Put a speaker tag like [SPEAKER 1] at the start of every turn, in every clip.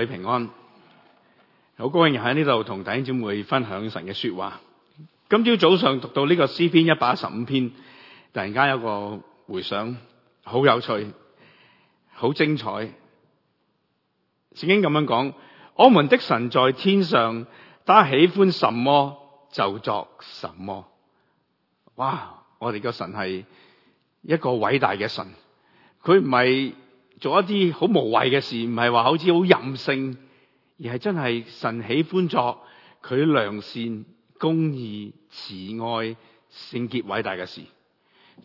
[SPEAKER 1] 你平安，好高興喺呢度同弟兄姊妹分享神嘅說話。今朝早上讀到呢個詩篇一百一十五篇，突然間有一個回想，好有趣，好精彩。聖經咁樣講，我們的神在天上，他喜歡什麼就作什麼。哇！我哋嘅神係一個偉大嘅神，佢唔係。做一啲好無謂嘅事，唔係話好似好任性，而係真係神喜歡作佢良善、公義、慈愛、聖潔、偉大嘅事，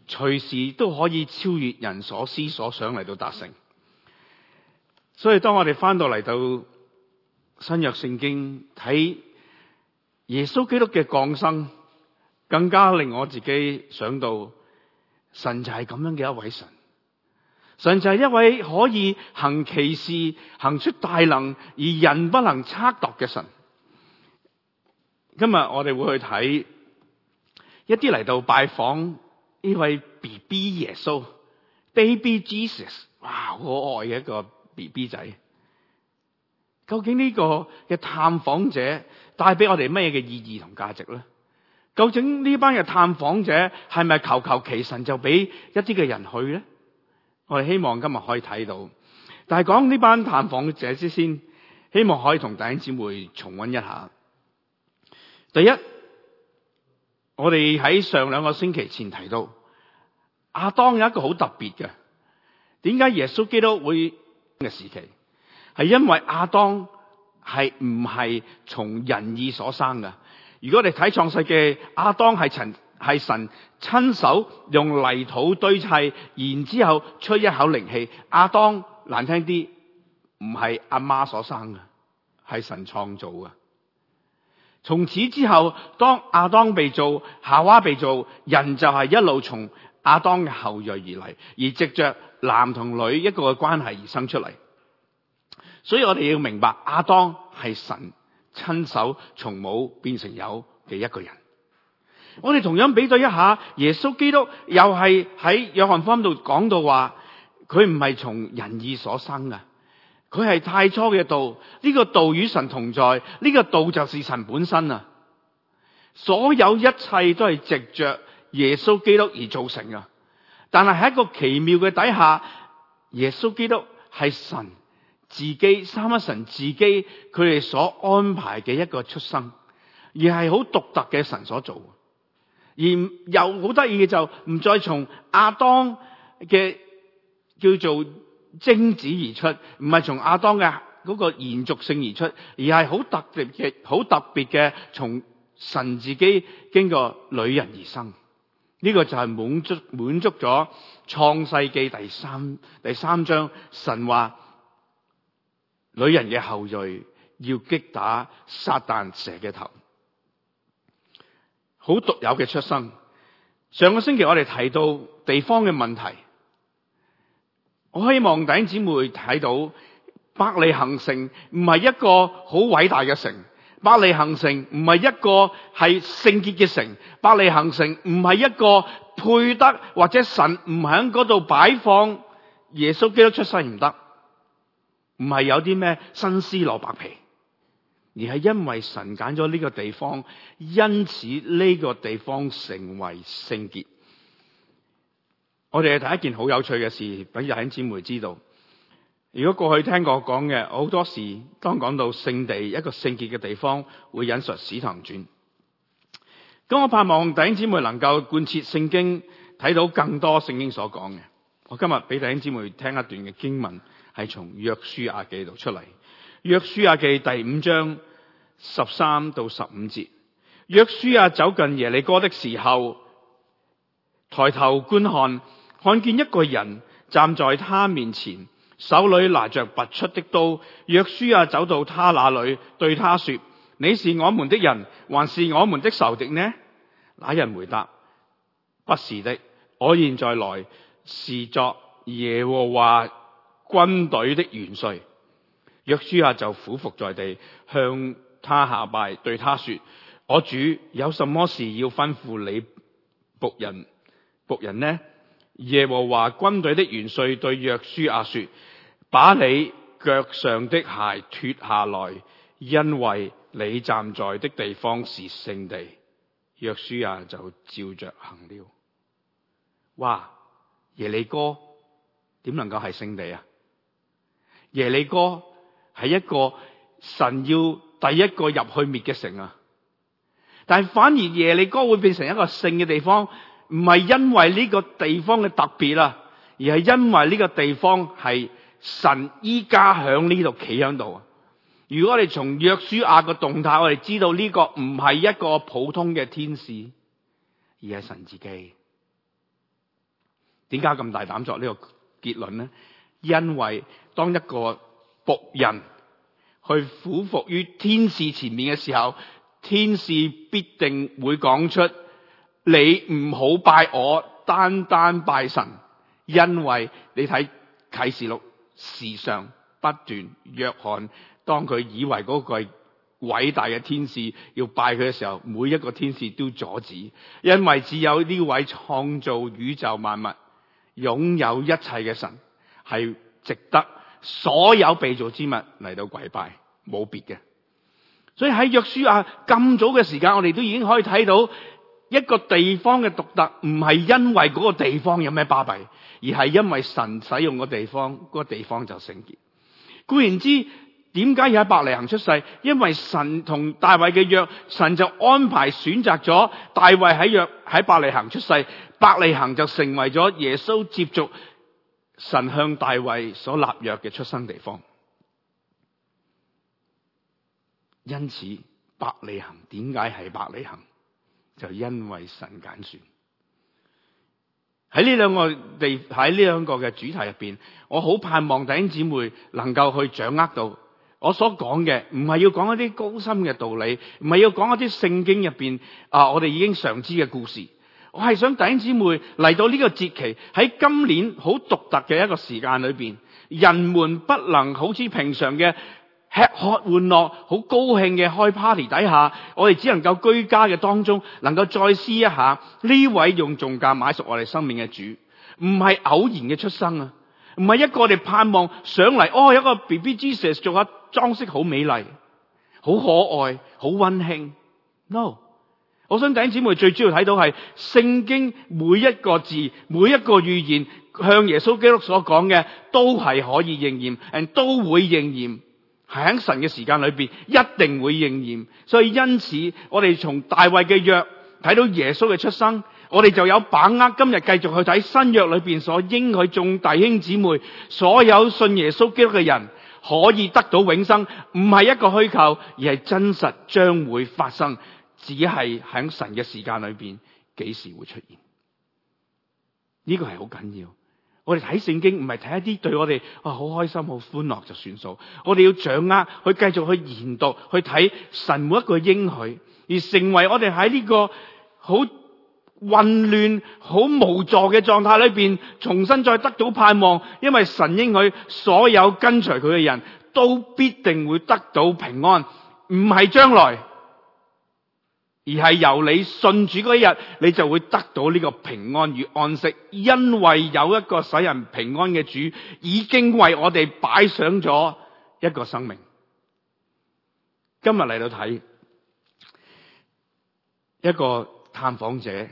[SPEAKER 1] 隨時都可以超越人所思所想嚟到達成。所以當我哋翻到嚟到新約聖經睇耶穌基督嘅降生，更加令我自己想到神就係咁樣嘅一位神。神就係一位可以行奇事、行出大能而人不能測度嘅神。今日我哋會去睇一啲嚟到拜訪呢位 B B 耶穌、Baby Jesus，哇，好可愛嘅一個 B B 仔。究竟呢個嘅探訪者帶俾我哋咩嘅意義同價值咧？究竟呢班嘅探訪者係咪求求其神就俾一啲嘅人去咧？我哋希望今日可以睇到，但係講呢班探訪者之先，希望可以同弟兄姊妹重溫一下。第一，我哋喺上兩個星期前提到，亞當有一個好特別嘅，點解耶穌基督會嘅時期，係因為亞當係唔係從人意所生噶？如果你睇創世記，亞當係陳。係神親手用泥土堆砌，然之後吹一口靈氣。亞當難聽啲，唔係阿媽所生嘅，係神創造嘅。從此之後，當亞當被造，夏娃被造，人就係一路從亞當嘅後裔而嚟，而藉着男同女一個嘅關係而生出嚟。所以我哋要明白，亞當係神親手從冇變成有嘅一個人。我哋同樣比對一下，耶穌基督又係喺約翰方度講到話，佢唔係從人意所生噶，佢係太初嘅道。呢個道與神同在，呢個道就是神本身啊。所有一切都係藉着耶穌基督而造成㗎。但係喺一個奇妙嘅底下，耶穌基督係神自己，三一神自己佢哋所安排嘅一個出生，而係好獨特嘅神所做。而又好得意嘅，就唔再從亞當嘅叫做精子而出，唔係從亞當嘅嗰個延續性而出，而係好特別嘅、好特別嘅從神自己經過女人而生。呢個就係滿足滿足咗創世記第三第三章神話女人嘅後裔要擊打撒旦蛇嘅頭。好獨有嘅出生。上個星期我哋提到地方嘅問題，我希望弟兄姊妹睇到，伯利恆城唔係一個好偉大嘅城，伯利恆城唔係一個係聖潔嘅城，伯利恆城唔係一個配得或者神唔喺嗰度擺放耶穌基督出生唔得，唔係有啲咩新鮮蘿蔔皮。而係因為神揀咗呢個地方，因此呢個地方成為聖潔。我哋第一件好有趣嘅事，俾弟兄姊妹知道。如果過去聽過我講嘅，好多時當講到聖地一個聖潔嘅地方，會引述《史壇傳》。咁我盼望弟兄姊妹能夠貫徹聖經，睇到更多聖經所講嘅。我今日俾弟兄姊妹聽一段嘅經文，係從約書亞記度出嚟。約書亞記第五章十三到十五節，約書亞走近耶利哥的時候，抬頭觀看，看見一個人站在他面前，手裏拿着拔出的刀。約書亞走到他那裏，對他說：你是我們的人，還是我們的仇敵呢？那人回答：不是的，我現在來是作耶和華軍隊的元帥。約書亞就俯伏在地，向他下拜，對他說：我主有什麼事要吩咐你僕人？僕人呢？耶和華軍隊的元帥對約書亞說：把你腳上的鞋脱下來，因為你站在的地方是聖地。約書亞就照着行了。哇！耶利哥點能夠係聖地啊？耶利哥。係一個神要第一個入去滅嘅城啊！但係反而耶利哥會變成一個聖嘅地方，唔係因為呢個地方嘅特別啊，而係因為呢個地方係神依家響呢度企響度啊！如果我哋從約書亞嘅動態，我哋知道呢個唔係一個普通嘅天使，而係神自己。點解咁大膽作呢個結論呢？因為當一個僕人去俯伏於天使前面嘅時候，天使必定會講出：你唔好拜我，單單拜神。因為你睇啟示錄，時常不斷。約翰當佢以為嗰個係偉大嘅天使要拜佢嘅時候，每一個天使都阻止，因為只有呢位創造宇宙萬物、擁有一切嘅神係值得。所有被造之物嚟到跪拜，冇別嘅。所以喺約書亞咁早嘅時間，我哋都已經可以睇到一個地方嘅獨特，唔係因為嗰個地方有咩巴閉，而係因為神使用個地方，嗰、嗰個地方就聖潔。固然之，點解要喺伯利恒出世？因為神同大衛嘅約，神就安排選擇咗大衛喺約喺伯利恒出世，伯利恒就成為咗耶穌接觸。神向大衛所立約嘅出生地方，因此伯利恆點解係伯利恆，就因為神揀選。喺呢兩個地喺呢兩個嘅主題入邊，我好盼望弟兄姊妹能夠去掌握到我所講嘅，唔係要講一啲高深嘅道理，唔係要講一啲聖經入邊啊，我哋已經常知嘅故事。我係想弟兄姊妹嚟到呢個節期，喺今年好獨特嘅一個時間裏邊，人們不能好似平常嘅吃喝玩樂，好高興嘅開 party 底下，我哋只能夠居家嘅當中，能夠再試一下呢位用重價買贖我哋生命嘅主，唔係偶然嘅出生啊，唔係一個我哋盼望想嚟，哦有一個 B B Jesus 做一下裝飾好美麗，好可愛，好溫馨。No。我想弟兄姊妹最主要睇到係聖經每一個字，每一個預言向耶穌基督所講嘅都係可以應驗，誒都會應驗，係喺神嘅時間裏邊一定會應驗。所以因此我哋從大衛嘅約睇到耶穌嘅出生，我哋就有把握今日繼續去睇新約裏邊所應許眾弟兄姊妹，所有信耶穌基督嘅人可以得到永生，唔係一個虛構，而係真實將會發生。自己係喺神嘅時間裏邊，幾時會出現？呢個係好緊要。我哋睇聖經唔係睇一啲對我哋啊好開心、好歡樂就算數。我哋要掌握去繼續去研讀，去睇神每一個應許，而成為我哋喺呢個好混亂、好無助嘅狀態裏邊，重新再得到盼望。因為神應許所有跟隨佢嘅人都必定會得到平安，唔係將來。而係由你信主嗰一日，你就會得到呢個平安與安息，因為有一個使人平安嘅主，已經為我哋擺上咗一個生命。今日嚟到睇一個探訪者，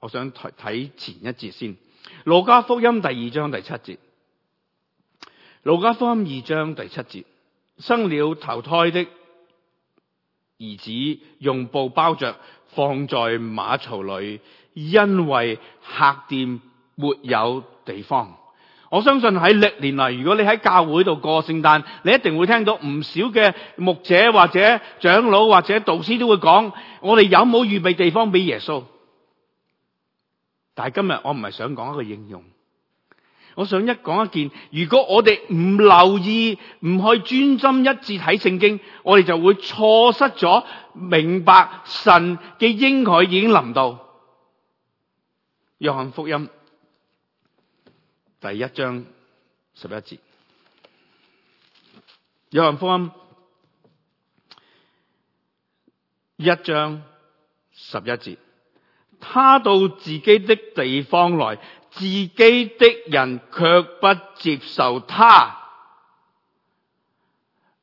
[SPEAKER 1] 我想睇睇前一節先。路加福音第二章第七節，路加福音二章第七節，生了頭胎的。兒子用布包着，放在馬槽裏，因為客店沒有地方。我相信喺歷年嚟，如果你喺教會度過聖誕，你一定會聽到唔少嘅牧者、或者長老或者導師都會講：我哋有冇預備地方俾耶穌？但係今日我唔係想講一個應用。我想一講一件，如果我哋唔留意，唔去專心一致睇聖經，我哋就會錯失咗明白神嘅應許已經臨到。約翰福音第一章十一節，約翰福音一章十一節，他到自己的地方來。自己的人卻不接受他，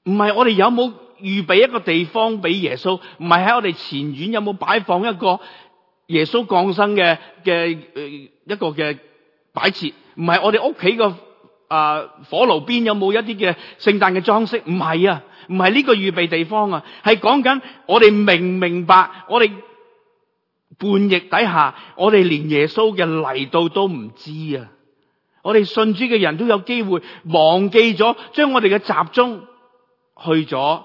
[SPEAKER 1] 唔係我哋有冇預備一個地方俾耶穌？唔係喺我哋前院有冇擺放一個耶穌降生嘅嘅、呃、一個嘅擺設？唔係我哋屋企個呃火爐邊有冇一啲嘅聖誕嘅裝飾？唔係啊，唔係呢個預備地方啊，係講緊我哋明唔明白？我哋。半翼底下，我哋連耶穌嘅嚟到都唔知啊！我哋信主嘅人都有機會忘記咗，將我哋嘅集中去咗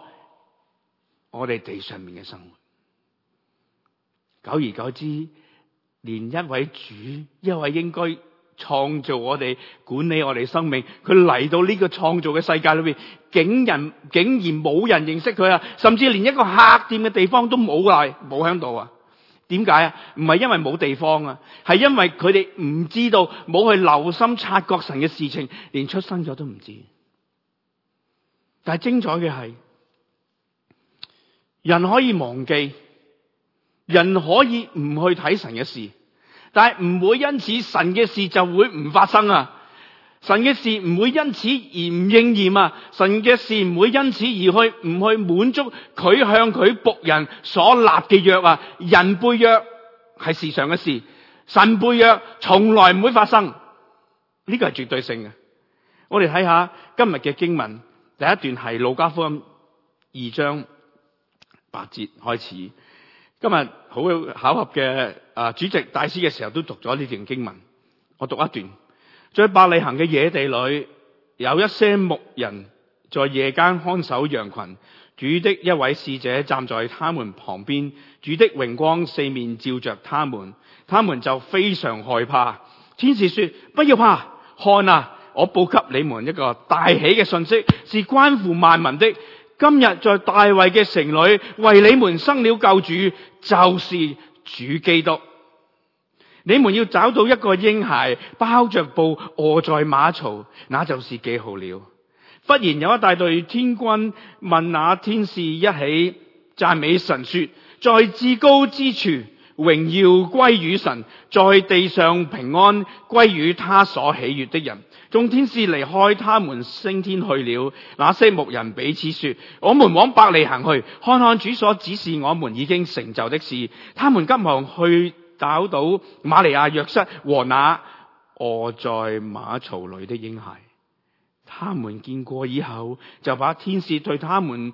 [SPEAKER 1] 我哋地上面嘅生活。久而久之，連一位主，一位應該創造我哋、管理我哋生命，佢嚟到呢個創造嘅世界裏邊，竟人竟然冇人認識佢啊！甚至連一個客店嘅地方都冇嚟，冇響度啊！點解啊？唔係因為冇地方啊，係因為佢哋唔知道，冇去留心察覺神嘅事情，連出生咗都唔知。但係精彩嘅係，人可以忘記，人可以唔去睇神嘅事，但係唔會因此神嘅事就會唔發生啊！神嘅事唔會因此而唔應驗啊！神嘅事唔會因此而去唔去滿足佢向佢僕人所立嘅約啊！人背約係時常嘅事，神背約從來唔會發生，呢、這個係絕對性嘅。我哋睇下今日嘅經文，第一段係《路加福音》二章八節開始。今日好巧合嘅啊、呃！主席大師嘅時候都讀咗呢段經文，我讀一段。在伯利恆嘅野地裏，有一些牧人，在夜間看守羊群。主的一位使者站在他們旁邊，主的榮光四面照着他們，他們就非常害怕。天使說：不要怕，看啊！我報給你們一個大喜嘅信息，是關乎萬民的。今日在大衛嘅城裏，為你們生了救主，就是主基督。你們要找到一個嬰孩包着布卧在馬槽，那就是記號了。忽然有一大隊天軍問那天使一起讚美神，說：在至高之處榮耀歸於神，在地上平安歸於他所喜悦的人。眾天使離開他們升天去了。那些牧人彼此說：我們往伯利恆去，看看主所指示我們已經成就的事。他們急忙去。找到瑪利亞約瑟和那臥在馬槽裏的嬰孩，他們見過以後，就把天使對他們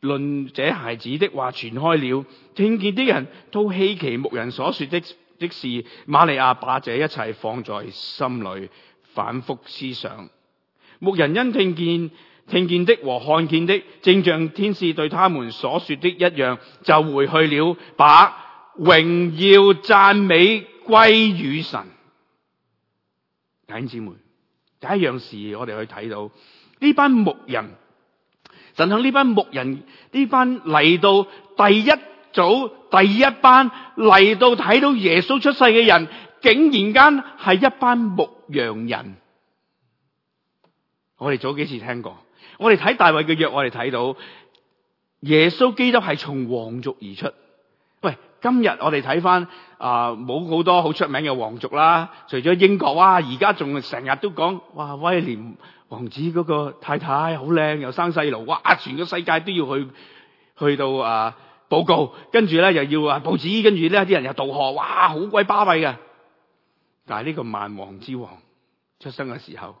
[SPEAKER 1] 論這孩子的話傳開了。聽見的人都希奇牧人所說的的事。瑪利亞把這一切放在心裏，反覆思想。牧人因聽見聽見的和看見的，正像天使對他們所說的一樣，就回去了，把。榮耀讚美歸於神，弟兄姊妹，第一樣事我哋可以睇到呢班牧人，神向呢班牧人、呢班嚟到第一組第一班嚟到睇到耶穌出世嘅人，竟然間係一班牧羊人。我哋早幾次聽過？我哋睇大衛嘅約，我哋睇到耶穌基督係從王族而出。今日我哋睇返啊，冇好多好出名嘅皇族啦。除咗英國，哇，而家仲成日都講，哇，威廉王子嗰個太太好靚，又生細路，哇，全個世界都要去，去到啊報告，跟住咧又要啊報紙，跟住咧啲人又道賀，哇，好鬼巴閉嘅。但係呢個萬王之王出生嘅時候，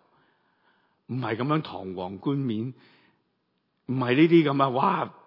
[SPEAKER 1] 唔係咁樣堂皇冠冕，唔係呢啲咁啊，哇！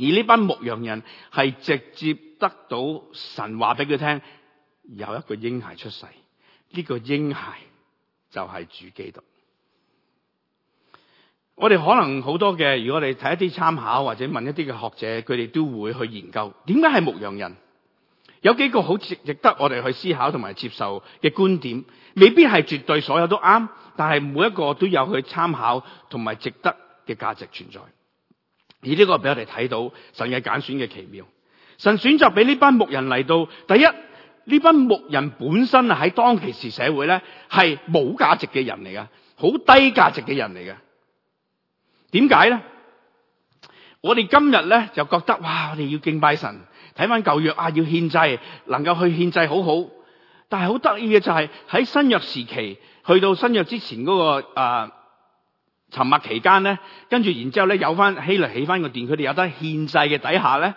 [SPEAKER 1] 而呢班牧羊人係直接得到神話俾佢聽，有一個嬰孩出世，呢個嬰孩就係主基督。我哋可能好多嘅，如果我哋睇一啲參考或者問一啲嘅學者，佢哋都會去研究，點解係牧羊人？有幾個好值得我哋去思考同埋接受嘅觀點，未必係絕對所有都啱，但係每一個都有去參考同埋值得嘅價值存在。你呢個俾我哋睇到神嘅揀選嘅奇妙。神選擇俾呢班牧人嚟到，第一呢班牧人本身啊喺當其時社會咧係冇價值嘅人嚟噶，好低價值嘅人嚟噶。點解咧？我哋今日咧就覺得哇，我哋要敬拜神，睇翻舊約啊，要獻祭，能夠去獻祭好好。但係好得意嘅就係喺新約時期，去到新約之前嗰個啊。沉默期間咧，跟住然之後咧，有翻起嚟起翻個電，佢哋有得獻祭嘅底下咧，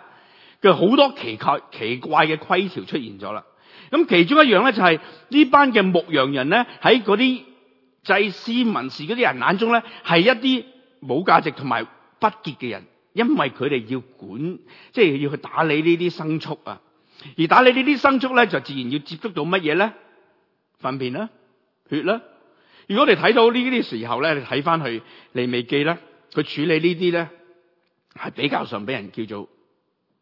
[SPEAKER 1] 佢好多奇怪奇怪嘅規條出現咗啦。咁其中一樣咧、就是，就係呢班嘅牧羊人咧，喺嗰啲祭司、文士嗰啲人眼中咧，係一啲冇價值同埋不潔嘅人，因為佢哋要管，即係要去打理呢啲牲畜啊，而打理呢啲牲畜咧，就自然要接觸到乜嘢咧？糞便啦，血啦。如果你睇到呢啲時候咧，你睇翻去利未記咧，佢處理呢啲咧係比較上俾人叫做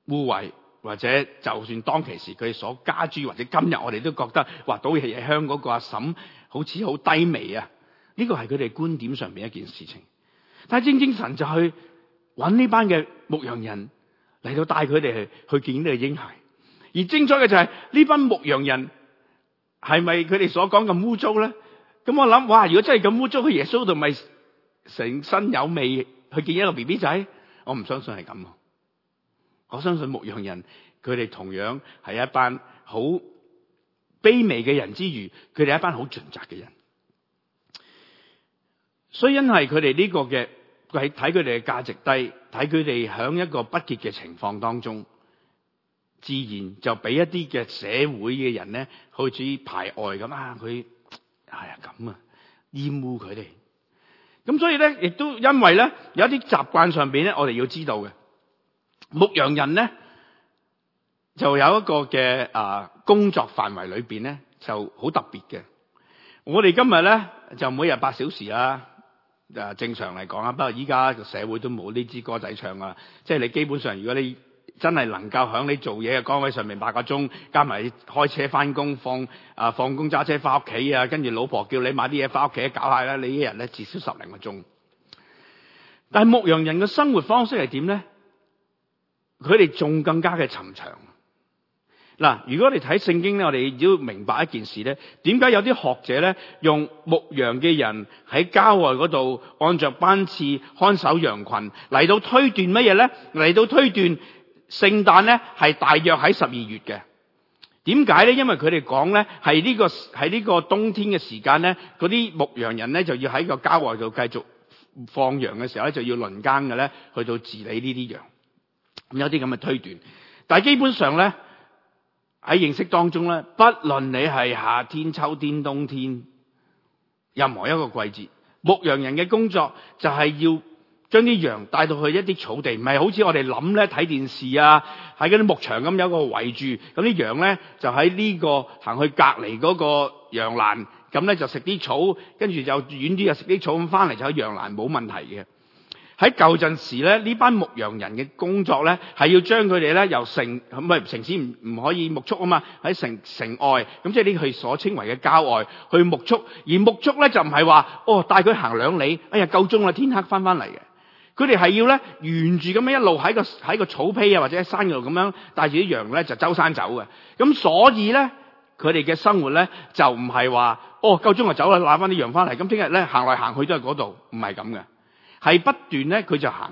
[SPEAKER 1] 污穢，或者就算當其時佢哋所加諸或者今日我哋都覺得，話倒夜香嗰個阿嬸好似好低微啊！呢、這個係佢哋觀點上邊一件事情。但係正正神就去揾呢班嘅牧羊人嚟到帶佢哋去去見呢個嬰孩，而精彩嘅就係呢班牧羊人係咪佢哋所講嘅污糟咧？咁我諗，哇！如果真係咁污糟，佢耶穌同咪成身有味去見一個 B B 仔？我唔相信係咁。我相信牧羊人佢哋同樣係一班好卑微嘅人之馀，佢哋係一班好盡責嘅人。所以因為佢哋呢個嘅，佢係睇佢哋嘅價值低，睇佢哋喺一個不潔嘅情況當中，自然就俾一啲嘅社會嘅人咧，好似排外咁啊佢。係啊，咁啊，厭惡佢哋，咁所以咧，亦都因為咧，有一啲習慣上邊咧，我哋要知道嘅牧羊人咧，就有一個嘅啊工作範圍裏邊咧，就好特別嘅。我哋今日咧就每日八小時啊，誒，啊，正常嚟講啊，不過依家個社會都冇呢支歌仔唱啊，即係你基本上如果你。真係能夠響你做嘢嘅崗位上面八個鐘，加埋開車翻工放啊放工揸車翻屋企啊，跟住老婆叫你買啲嘢翻屋企搞下啦，你一日咧至少十零個鐘。但係牧羊人嘅生活方式係點咧？佢哋仲更加嘅沉長。嗱、啊，如果你睇聖經咧，我哋要明白一件事咧，點解有啲學者咧用牧羊嘅人喺郊外嗰度按着班次看守羊群嚟到推斷乜嘢咧？嚟到推斷。聖誕咧係大約喺十二月嘅，點解咧？因為佢哋講咧係呢個係呢個冬天嘅時間咧，嗰啲牧羊人咧就要喺個郊外度繼續放羊嘅時候咧，就要輪更嘅咧，去到治理呢啲羊。咁有啲咁嘅推斷，但係基本上咧喺認識當中咧，不論你係夏天、秋天、冬天，任何一個季節，牧羊人嘅工作就係要。將啲羊帶到去一啲草地，唔係好似我哋諗咧睇電視啊，喺嗰啲牧場咁有個圍住，咁啲羊咧就喺呢個行去隔離嗰個羊欄，咁咧就食啲草，跟住就遠啲又食啲草，咁翻嚟就喺羊欄冇問題嘅。喺舊陣時咧，呢班牧羊人嘅工作咧係要將佢哋咧由城，唔係城市，唔唔可以牧畜啊嘛，喺城城外，咁即係呢佢所稱為嘅郊外去牧畜，而牧畜咧就唔係話哦帶佢行兩里，哎呀夠鐘啦，天黑翻翻嚟嘅。佢哋係要咧沿住咁樣一路喺個喺個草坯啊，或者喺山度咁樣帶住啲羊咧就周山走嘅。咁所以咧，佢哋嘅生活咧就唔係話哦夠鐘就走啦，攞翻啲羊翻嚟。咁聽日咧行嚟行去都係嗰度，唔係咁嘅，係不斷咧佢就行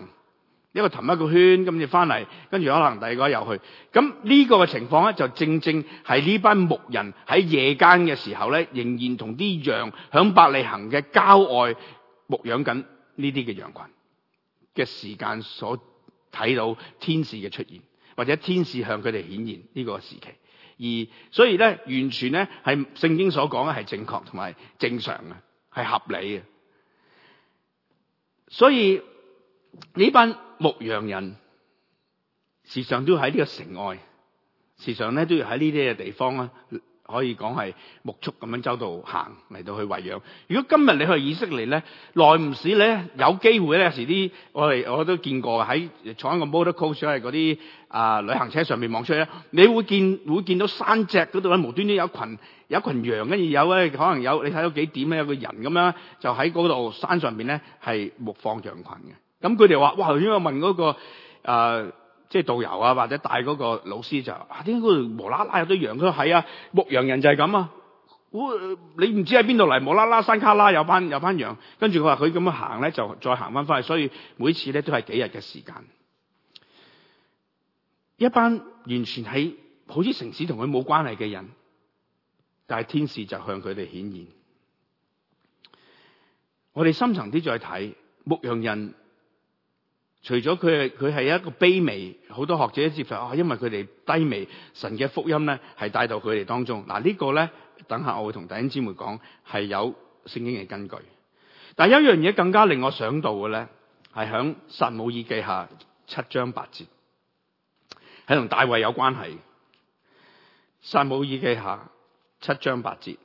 [SPEAKER 1] 一個氹一個圈，咁就翻嚟，跟住可能第二個又去。咁呢個嘅情況咧就正正係呢班牧人喺夜間嘅時候咧，仍然同啲羊響伯利恆嘅郊外牧養緊呢啲嘅羊群。嘅時間所睇到天使嘅出現，或者天使向佢哋顯現呢個時期，而所以咧完全咧係聖經所講嘅係正確同埋正常嘅，係合理嘅。所以呢班牧羊人時常都喺呢個城外，時常咧都要喺呢啲嘅地方啊。可以講係木束咁樣周度行嚟到去餵養。如果今日你去以色列咧，耐唔時咧，有機會咧，有時啲我哋我都見過喺坐喺個 motor coach 係嗰啲啊旅行車上面望出去咧，你會見會見到山脊嗰度咧無端端有羣有羣羊，跟住有咧可能有你睇到幾點咧有個人咁樣就喺嗰度山上邊咧係牧放羊羣嘅。咁佢哋話：哇！頭先我問嗰個啊。即係導遊啊，或者帶嗰個老師就啊，點解嗰度無啦啦有啲羊？佢係啊，牧羊人就係咁啊，哦、你唔知喺邊度嚟，無啦啦山卡拉有班有班羊，跟住佢話佢咁樣行咧，就再行翻翻去。所以每次咧都係幾日嘅時間，一班完全喺好似城市同佢冇關係嘅人，但係天使就向佢哋顯現。我哋深層啲再睇牧羊人。除咗佢係佢係一個卑微，好多學者接受，啊，因為佢哋低微，神嘅福音咧係帶到佢哋當中。嗱、啊這個、呢個咧，等下我會同弟兄姊妹講，係有聖經嘅根據。但有一樣嘢更加令我想到嘅咧，係響撒母耳記下七章八節，係同大衛有關係。撒母耳記下七章八節。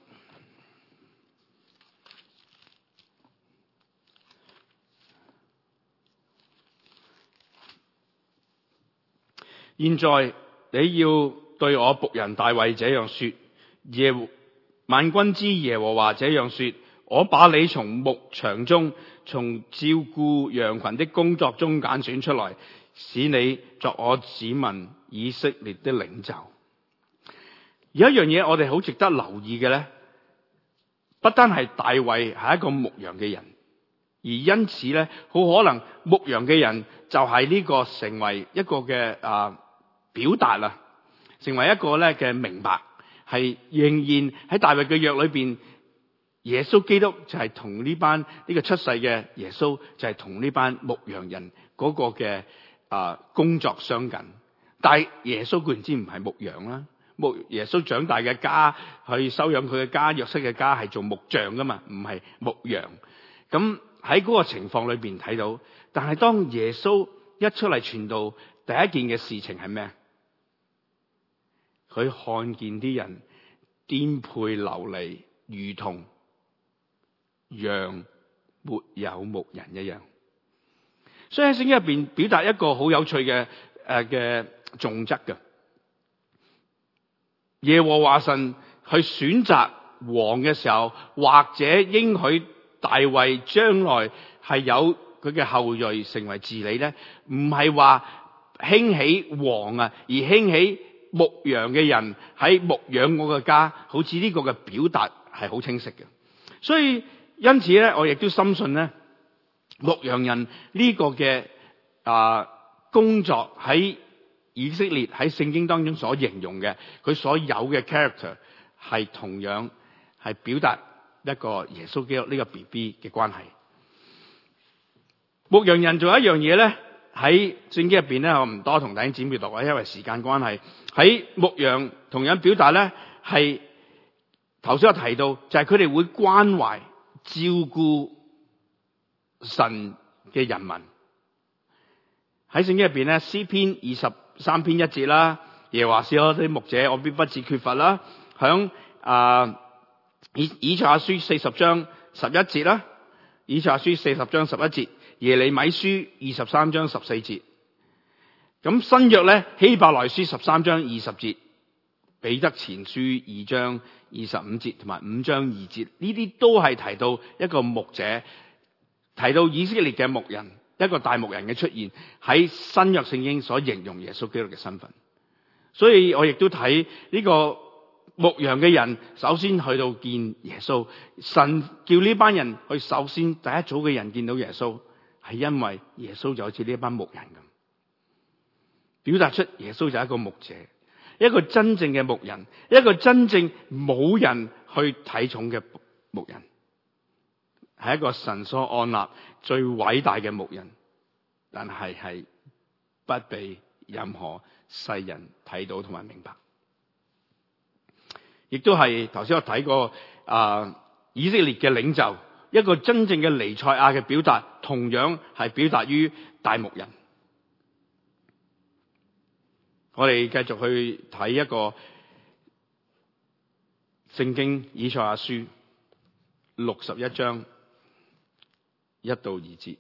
[SPEAKER 1] 現在你要對我僕人大衛這樣說：萬軍之耶和華這樣說：我把你從牧場中、從照顧羊群的工作中揀選出來，使你作我子民以色列的領袖。有一樣嘢我哋好值得留意嘅咧，不單係大衛係一個牧羊嘅人，而因此咧，好可能牧羊嘅人就係呢個成為一個嘅啊。表達啦，成為一個咧嘅明白，係仍然喺大衛嘅約裏邊，耶穌基督就係同呢班呢、這個出世嘅耶穌就係同呢班牧羊人嗰個嘅啊工作相近。但係耶穌固然之唔係牧羊啦，牧耶穌長大嘅家去收養佢嘅家，約瑟嘅家係做木匠噶嘛，唔係牧羊。咁喺嗰個情況裏邊睇到，但係當耶穌一出嚟傳道，第一件嘅事情係咩？佢看見啲人顛沛流離，如同羊沒有牧人一樣。所以喺聖經入邊表達一個好有趣嘅，誒嘅重質嘅。耶和華神去選擇王嘅時候，或者應許大衛將來係由佢嘅後裔成為治理咧，唔係話興起王啊，而興起。牧羊嘅人喺牧養我嘅家，好似呢個嘅表達係好清晰嘅。所以因此咧，我亦都深信咧，牧羊人呢個嘅啊工作喺以色列喺聖經當中所形容嘅，佢所有嘅 character 係同樣係表達一個耶穌基督呢個 BB 嘅關係。牧羊人仲有一樣嘢咧。喺聖經入邊咧，我唔多同弟兄姊妹讀啊，因為時間關係。喺牧羊同樣表達咧，係頭先我提到就係佢哋會關懷照顧神嘅人民。喺聖經入邊咧，詩篇二十三篇一節啦，耶和華是我的牧者，我必不致缺乏啦。響啊以以賽亞書四十章十一節啦，以賽亞書四十章十一節。耶利米書二十三章十四節，咁新約咧希伯來書十三章二十節，彼得前書二章二十五節同埋五章二節，呢啲都係提到一個牧者，提到以色列嘅牧人，一個大牧人嘅出現喺新約聖經所形容耶穌基督嘅身份。所以我亦都睇呢個牧羊嘅人，首先去到見耶穌，神叫呢班人去首先第一組嘅人見到耶穌。係因為耶穌就好似呢班牧人咁，表達出耶穌就係一個牧者，一個真正嘅牧人，一個真正冇人去睇重嘅牧人，係一個神所按立最偉大嘅牧人，但係係不被任何世人睇到同埋明白，亦都係頭先我睇過啊、呃、以色列嘅領袖。一個真正嘅彌賽亞嘅表達，同樣係表達於大牧人。我哋繼續去睇一個聖經以賽亞書六十一章一到二節。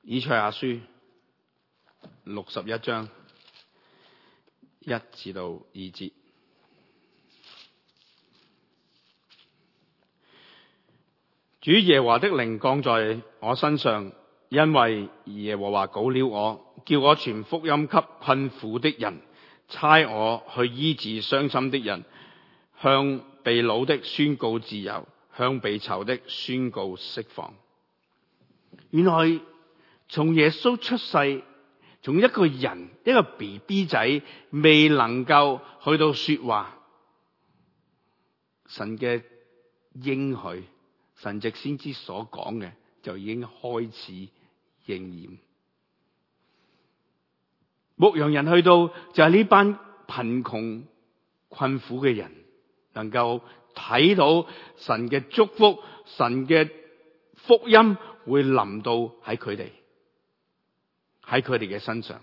[SPEAKER 1] 以賽亞書六十一章一至到二節。主耶和華的靈降在我身上，因為耶和華膏了我，叫我傳福音給困苦的人，差我去醫治傷心的人，向被擄的宣告自由，向被囚的宣告釋放。原來從耶穌出世，從一個人一個 BB 仔未能夠去到說話，神嘅應許。神直先知所講嘅就已經開始應驗。牧羊人去到就係呢班貧窮困苦嘅人，能夠睇到神嘅祝福、神嘅福音會臨到喺佢哋，喺佢哋嘅身上，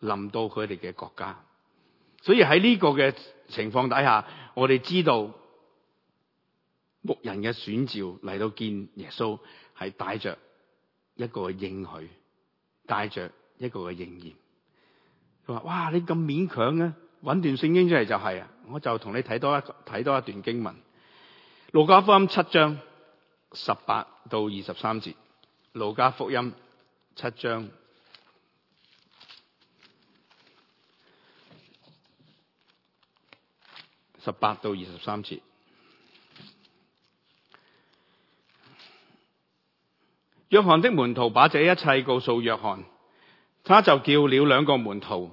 [SPEAKER 1] 臨到佢哋嘅國家。所以喺呢個嘅情況底下，我哋知道。牧人嘅選召嚟到見耶穌，係帶着一個應許，帶着一個應驗。佢話：哇，你咁勉強嘅啊，揾段聖經出嚟就係啊！我就同你睇多一睇多一段經文，《路加福音》七章十八到二十三節，《路加福音》七章十八到二十三節。約翰的門徒把這一切告訴約翰，他就叫了兩個門徒，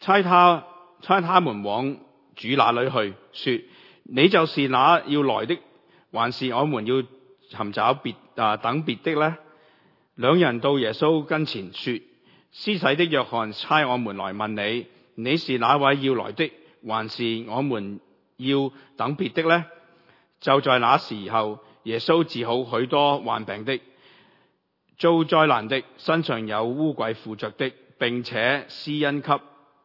[SPEAKER 1] 差他差他們往主那裏去，說：你就是那要來的，還是我們要尋找別啊、呃、等別的呢？」兩人到耶穌跟前說：施洗的約翰差我們來問你，你是哪位要來的，還是我們要等別的呢？」就在那時候，耶穌治好許多患病的。遭災難的，身上有烏鬼附着的，並且施恩給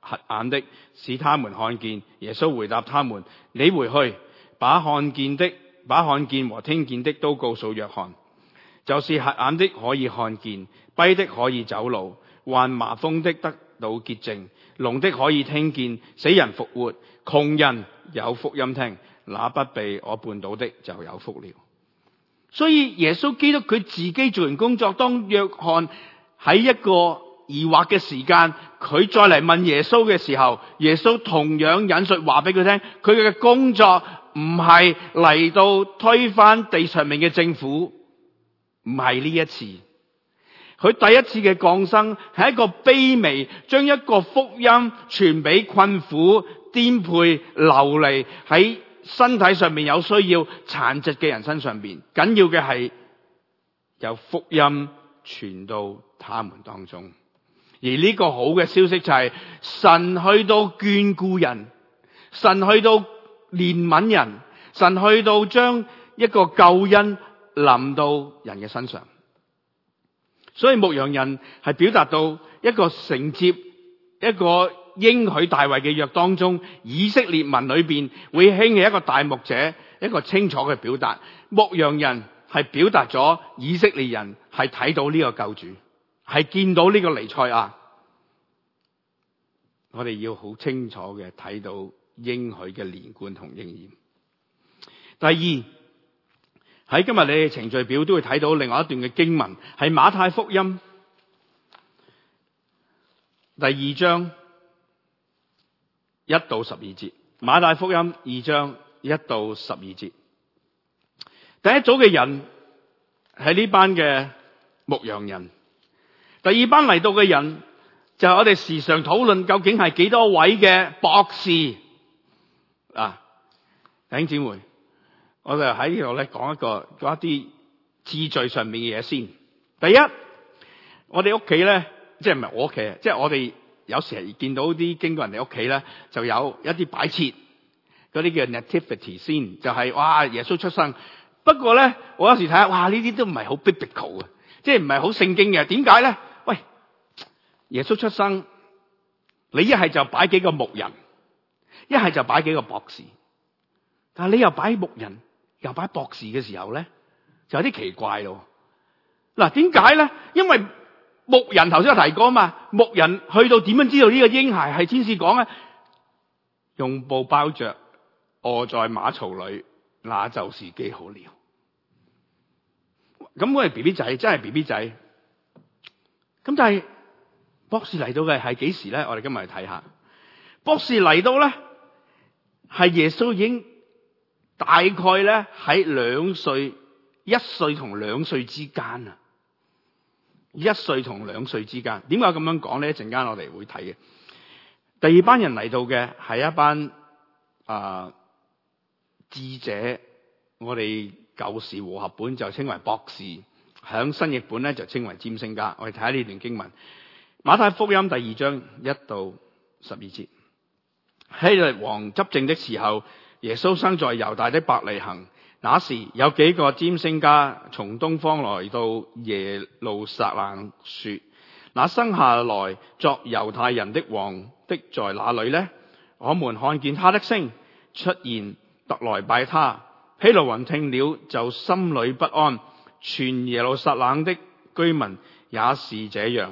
[SPEAKER 1] 瞎眼的，使他們看見。耶穌回答他們：你回去，把看見的，把看見和聽見的都告訴約翰。就是瞎眼的可以看見，跛的可以走路，患麻風的得到潔淨，聾的可以聽見，死人復活，窮人有福音聽，那不被我絆倒的就有福了。所以耶穌基督佢自己做完工作，當約翰喺一個疑惑嘅時間，佢再嚟問耶穌嘅時候，耶穌同樣引述話俾佢聽，佢嘅工作唔係嚟到推翻地上面嘅政府，唔係呢一次，佢第一次嘅降生係一個卑微，將一個福音傳俾困苦、顛沛流離喺。.身體上面有需要殘疾嘅人身上邊，緊要嘅係有福音傳到他們當中。而呢個好嘅消息就係、是、神去到眷顧人，神去到憐憫人，神去到將一個救恩臨到人嘅身上。所以牧羊人係表達到一個承接一個。應許大衛嘅約當中，以色列民裏邊會興起一個大牧者，一個清楚嘅表達。牧羊人係表達咗以色列人係睇到呢個救主，係見到呢個尼賽亞。我哋要好清楚嘅睇到應許嘅連貫同應驗。第二，喺今日你嘅程序表都會睇到另外一段嘅經文，係馬太福音第二章。一到十二節，馬太福音二章一到十二節。第一組嘅人係呢班嘅牧羊人，第二班嚟到嘅人就係、是、我哋時常討論究竟係幾多位嘅博士嗱、啊。弟兄姊妹，我哋喺呢度咧講一個講一啲秩序上面嘅嘢先。第一，我哋屋企咧，即係唔係我屋企即係我哋。有時見到啲經過人哋屋企咧，就有一啲擺設，嗰啲叫 nativity scene、就係，就係哇耶穌出生。不過咧，我有時睇下，哇呢啲都唔係好 biblical 啊，即係唔係好聖經嘅。點解咧？喂，耶穌出生，你一係就擺幾個牧人，一係就擺幾個博士，但係你又擺牧人又擺博士嘅時候咧，就有啲奇怪咯。嗱，點解咧？因為牧人頭先有提過啊嘛，牧人去到點樣知道呢個嬰孩係天使講啊？用布包着，臥在馬槽裏，那就是記號了。咁我係 BB 仔，真係 BB 仔。咁但係博士嚟到嘅係幾時咧？我哋今日嚟睇下，博士嚟到咧，係耶穌已經大概咧喺兩歲，一歲同兩歲之間啊。一歲同兩歲之間，點解咁樣講咧？一陣間我哋會睇嘅。第二班人嚟到嘅係一班啊、呃、智者，我哋舊時和合本就稱為博士，響新譯本咧就稱為占星家。我哋睇下呢段經文，《馬太福音》第二章一到十二節，希律王執政的時候，耶穌生在猶大的伯利恆。那時有幾個占星家從東方來到耶路撒冷說：那生下來作猶太人的王的在哪裡呢？我們看見他的星出現，特來拜他。希律王聽了就心裡不安，全耶路撒冷的居民也是這樣。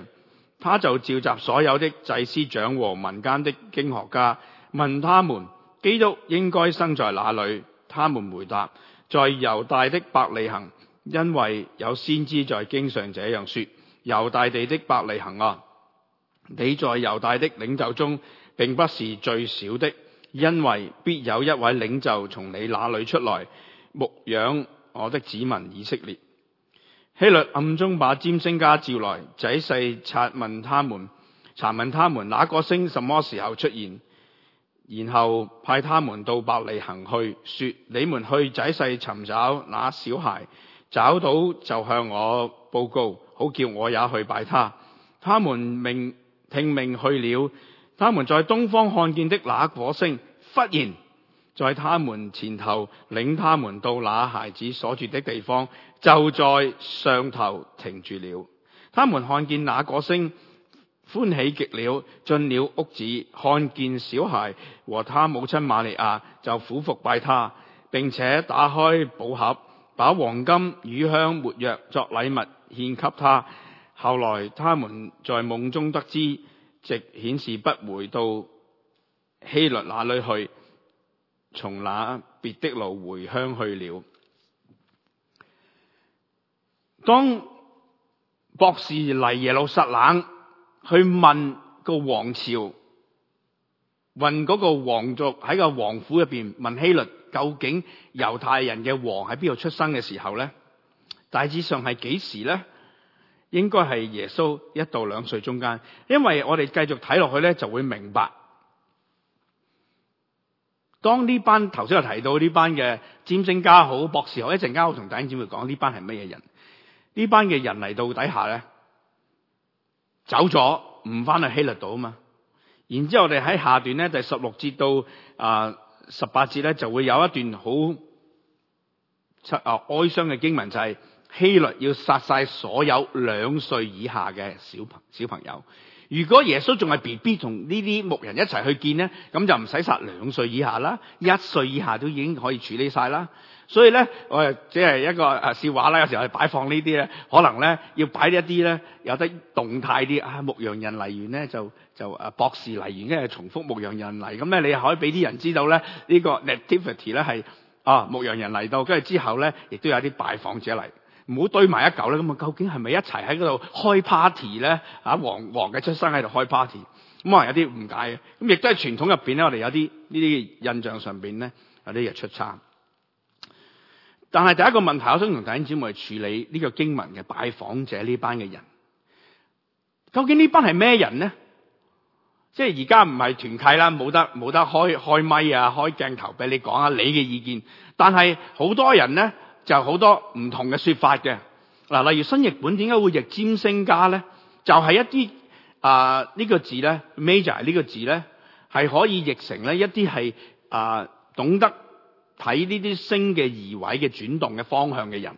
[SPEAKER 1] 他就召集所有的祭司長和民間的經學家，問他們：基督應該生在哪裡？他們回答。在猶大的伯利恆，因為有先知在經上這樣說：猶大地的伯利恆啊，你在猶大的領袖中並不是最小的，因為必有一位領袖從你那裡出來牧養我的子民以色列。希律暗中把占星家召來，仔細查問他們，查問他們哪個星什麼時候出現。然後派他們到伯利恒去，說：你們去仔細尋找那小孩，找到就向我報告，好叫我也去拜他。他們命聽命去了。他們在東方看見的那火星，忽然在他們前頭，領他們到那孩子所住的地方，就在上頭停住了。他們看見那火星。歡喜極了，進了屋子，看見小孩和他母親瑪利亞，就俯伏拜他，並且打開寶盒，把黃金與躍、乳香、沒藥作禮物獻給他。後來他們在夢中得知，即顯示不回到希律那裏去，從那別的路回鄉去了。當博士嚟耶路撒冷。去問個皇朝，問嗰個皇族喺個王,王府入邊問希律，究竟猶太人嘅王喺邊度出生嘅時候咧？大致上係幾時咧？應該係耶穌一到兩歲中間，因為我哋繼續睇落去咧，就會明白。當呢班頭先有提到呢班嘅占星家好博士好，一陣間我同弟兄姊妹講呢班係乜嘢人？呢班嘅人嚟到底下咧？走咗唔翻去希律度啊嘛，然之後我哋喺下段咧，第十六節到啊十八節咧，就會有一段好啊、呃、哀傷嘅經文，就係、是、希律要殺晒所有兩歲以下嘅小朋小朋友。如果耶穌仲係 B B 同呢啲牧人一齊去見咧，咁就唔使殺兩歲以下啦，一歲以下都已經可以處理晒啦。所以咧，我誒即係一個笑話啦。有時候擺放呢啲咧，可能咧要擺一啲咧有得動態啲啊。牧羊人嚟完咧就就誒博士嚟完，跟住重複牧羊人嚟。咁咧你可以俾啲人知道咧呢個 nativity 咧係啊牧羊人嚟到，跟住之後咧亦都有啲拜訪者嚟，唔好堆埋一嚿咧。咁啊究竟係咪一齊喺嗰度開 party 咧？啊王，王嘅出生喺度開 party，咁能有啲誤解嘅。咁亦都係傳統入面咧，我哋有啲呢啲印象上面咧有啲嘢出差。但係第一個問題，我想同弟兄姊妹處理呢個經文嘅拜訪者呢班嘅人，究竟這班是什麼人呢班係咩人呢？即係而家唔係團契啦，冇得冇得開開咪啊，開鏡頭俾你講下你嘅意見。但係好多人呢，就好、是、多唔同嘅說法嘅嗱，例如新譯本點解會譯佔星家呢？就係、是、一啲啊呢個字呢，major 呢個字呢，係可以譯成呢一啲係啊懂得。睇呢啲星嘅移位嘅轉動嘅方向嘅人，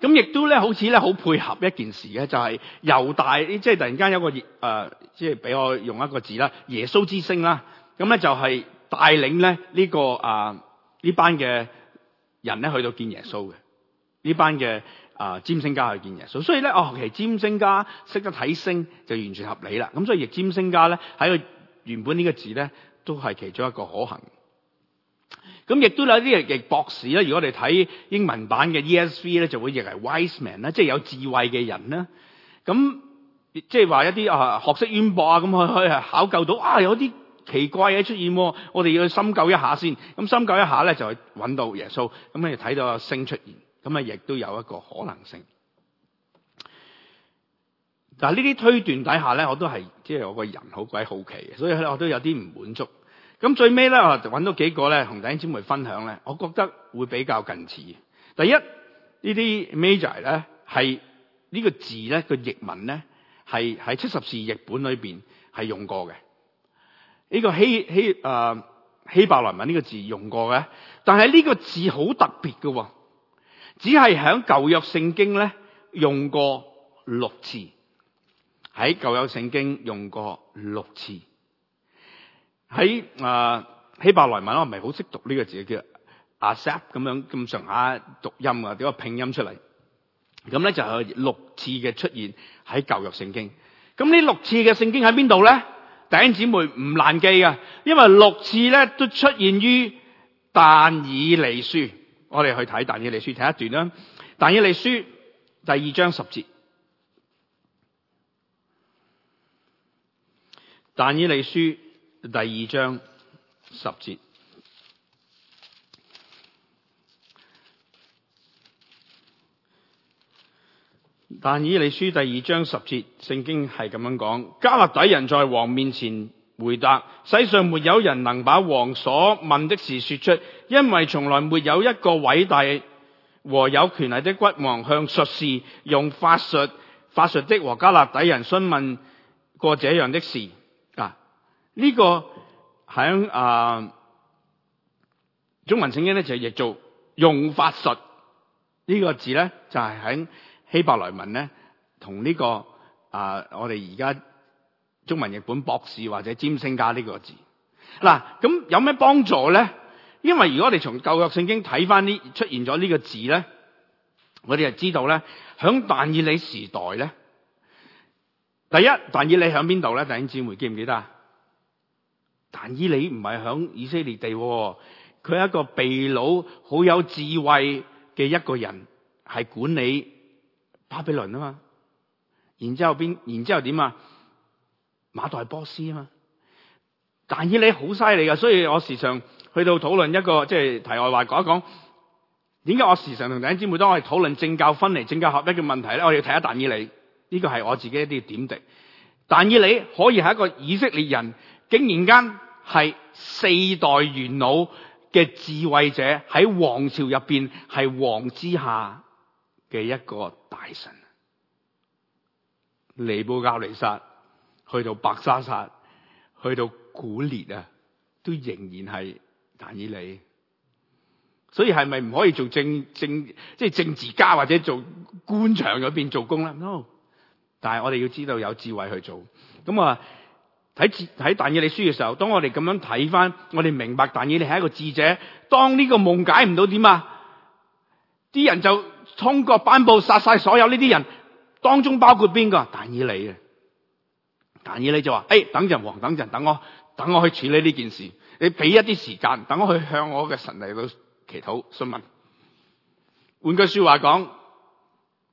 [SPEAKER 1] 咁亦都咧好似咧好配合一件事嘅，就係、是、猶大即係、就是、突然間有一個誒，即係俾我用一個字啦，耶穌之星啦，咁咧就係帶領咧、這、呢個啊呢、呃、班嘅人咧去到見耶穌嘅呢班嘅啊占星家去見耶穌，所以咧哦，其實占星家識得睇星就完全合理啦，咁所以亦占星家咧喺佢原本呢個字咧都係其中一個可行。咁亦都有一啲亦博士咧。如果我哋睇英文版嘅 ESV 咧，就會譯為 wise man 啦，即係有智慧嘅人啦。咁即係話一啲啊學識淵博啊，咁去去考究到啊有啲奇怪嘢出現，我哋要去深究一下先。咁深究一下咧，就去揾到耶穌。咁你睇到啊星出現，咁啊亦都有一個可能性。但係呢啲推斷底下咧，我都係即係我個人好鬼好奇，所以咧我都有啲唔滿足。咁最尾咧，我就揾到幾個咧，同弟兄姊妹分享咧，我覺得會比較近似。第一呢啲 major 咧，係呢個字咧個譯文咧，係喺七十字譯本裏面係用過嘅。呢、呢個希希啊、呃、希伯來文呢個字用過嘅，但係呢個字好特別嘅喎、哦，只係喺舊約聖經咧用過六次，喺舊約聖經用過六次。喺啊、呃、希伯來文我唔係好識讀呢個字，叫 asap 咁樣咁上下讀音啊，點個拼音出嚟？咁咧就係、六次嘅出現喺舊約聖經。咁呢六次嘅聖經喺邊度咧？弟兄姊妹唔難記噶，因為六次咧都出現於但以理書。我哋去睇但以理書，睇一段啦。但以理書第二章十節。但以理書。第二章十節，但以理書第二章十節，聖經係咁樣講：加勒底人在王面前回答，世上沒有人能把王所問的事說出，因為從來沒有一個偉大和有權力的骨王向術士用法術、法術的和加勒底人詢問過這樣的事。呢個喺啊、呃、中文聖經咧就譯做用法術呢、這個字咧就係、是、喺希伯來文咧同呢和、這個啊、呃、我哋而家中文、日本博士或者尖星家呢個字嗱咁、啊、有咩幫助咧？因為如果我哋從舊約聖經睇翻呢出現咗呢個字咧，我哋就知道咧喺但以理時代咧，第一但以理喺邊度咧？弟兄姊妹記唔記得啊？但以理唔係響以色列地，佢係一個秘魯好有智慧嘅一個人，係管理巴比倫啊嘛。然之後邊，然之後點啊？馬代波斯啊嘛。但以理好犀利噶，所以我時常去到討論一個即係題外話講一講。點解我時常同弟兄姊妹當我哋討論政教分離、政教合一嘅問題咧？我哋要睇下但以理呢個係我自己一啲點滴。但以理可以係一個以色列人。竟然間係四代元老嘅智慧者喺王朝入邊係王之下嘅一個大臣，尼布甲尼撒去到白沙撒，去到古列啊，都仍然係但以理。所以係咪唔可以做政政即係政治家或者做官場嗰邊做工啦？No，但係我哋要知道有智慧去做咁啊。睇智睇但以理書嘅時候，當我哋咁樣睇翻，我哋明白但以理係一個智者。當呢個夢解唔到點啊？啲人就通過頒布殺晒所有呢啲人，當中包括邊個？但以理啊！但以理就話：，誒、哎，等陣王，等陣，等我，等我去處理呢件事。你俾一啲時間，等我去向我嘅神嚟到祈禱詢問。換句話說話講，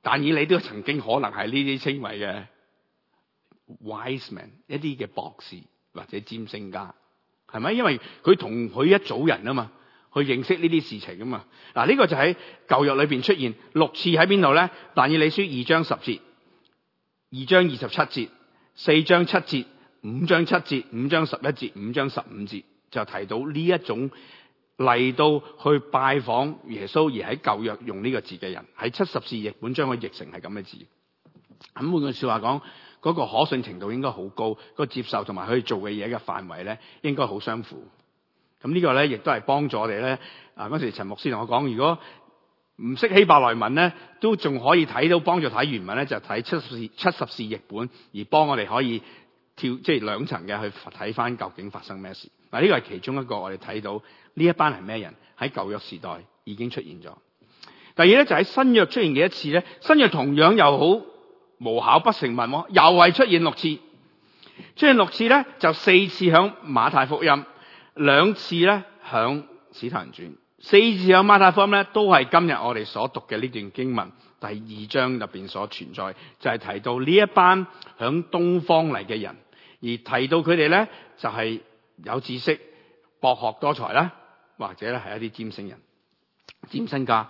[SPEAKER 1] 但以理都曾經可能係呢啲稱謂嘅。wiseman 一啲嘅博士或者占星家係咪？因為佢同佢一組人啊嘛，去認識呢啲事情啊嘛。嗱，呢個就喺舊約裏邊出現六次喺邊度咧？但以理書二章十節、二章二十七節、四章七節、五章七節、五章十一節、五章十五節，就提到呢一種嚟到去拜訪耶穌，而喺舊約用呢個字嘅人喺七十字譯本將佢譯成係咁嘅字。咁換句說話講。嗰個可信程度應該好高，個接受同埋佢做嘅嘢嘅範圍咧應該好相符。咁呢個咧亦都係幫助我哋咧。啊，嗰時陳牧師同我講，如果唔識希伯來文咧，都仲可以睇到幫助睇原文咧，就睇、是、七十七十士譯本，而幫我哋可以跳即係、就是、兩層嘅去睇翻究竟發生咩事。嗱，呢個係其中一個我哋睇到呢一班係咩人喺舊約時代已經出現咗。第二咧就喺、是、新約出現嘅一次咧？新約同樣又好。無考不成文，又係出現六次。出現六次咧，就四次響馬太福音，兩次咧響使徒行傳。四次響馬太福音咧，都係今日我哋所讀嘅呢段經文第二章入邊所存在，就係、是、提到呢一班響東方嚟嘅人，而提到佢哋咧就係有知識、博學多才啦，或者咧係一啲占星人、占星家。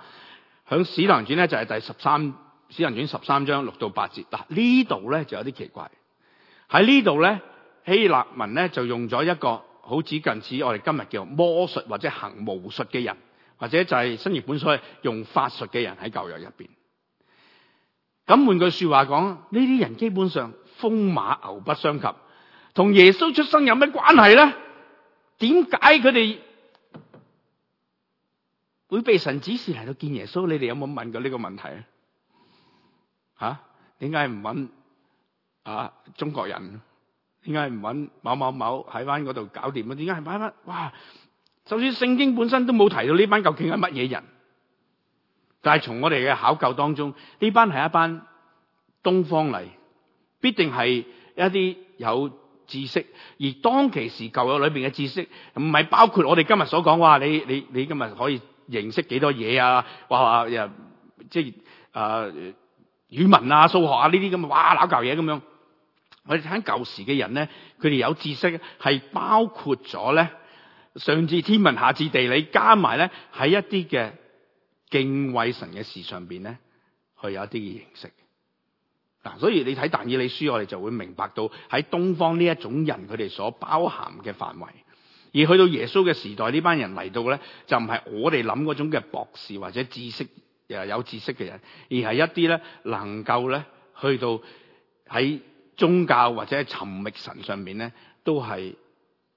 [SPEAKER 1] 響使徒行傳咧就係第十三。使徒行傳十三章六到八節，嗱，呢度咧就有啲奇怪。喺呢度咧，希臘文咧就用咗一個好似近似我哋今日叫魔術或者行巫術嘅人，或者就係新譯本書用法術嘅人喺舊約入邊。咁換句話說話講，呢啲人基本上風馬牛不相及，同耶穌出生有咩關係咧？點解佢哋會被神指示嚟到見耶穌？你哋有冇問過呢個問題啊？吓？點解唔揾啊？中國人？點解唔揾某某某喺番嗰度搞掂？點解係買翻？哇！就算聖經本身都冇提到呢班究竟係乜嘢人，但係從我哋嘅考究當中，呢班係一班東方嚟，必定係一啲有知識，而當其時舊約裏邊嘅知識，唔係包括我哋今日所講哇！你你你今日可以認識幾多嘢啊？話話、呃、即係、呃語文啊、數學啊呢啲咁嘅，哇，攋教嘢咁樣。我哋睇舊時嘅人咧，佢哋有知識係包括咗咧，上至天文，下至地理，加埋咧喺一啲嘅敬畏神嘅事上邊咧，去有一啲嘅認識。嗱，所以你睇但以理書，我哋就會明白到喺東方呢一種人佢哋所包含嘅範圍。而去到耶穌嘅時代呢班人嚟到咧，就唔係我哋諗嗰種嘅博士或者知識。有知識嘅人，而係一啲咧能夠咧去到喺宗教或者係尋覓神上面咧，都係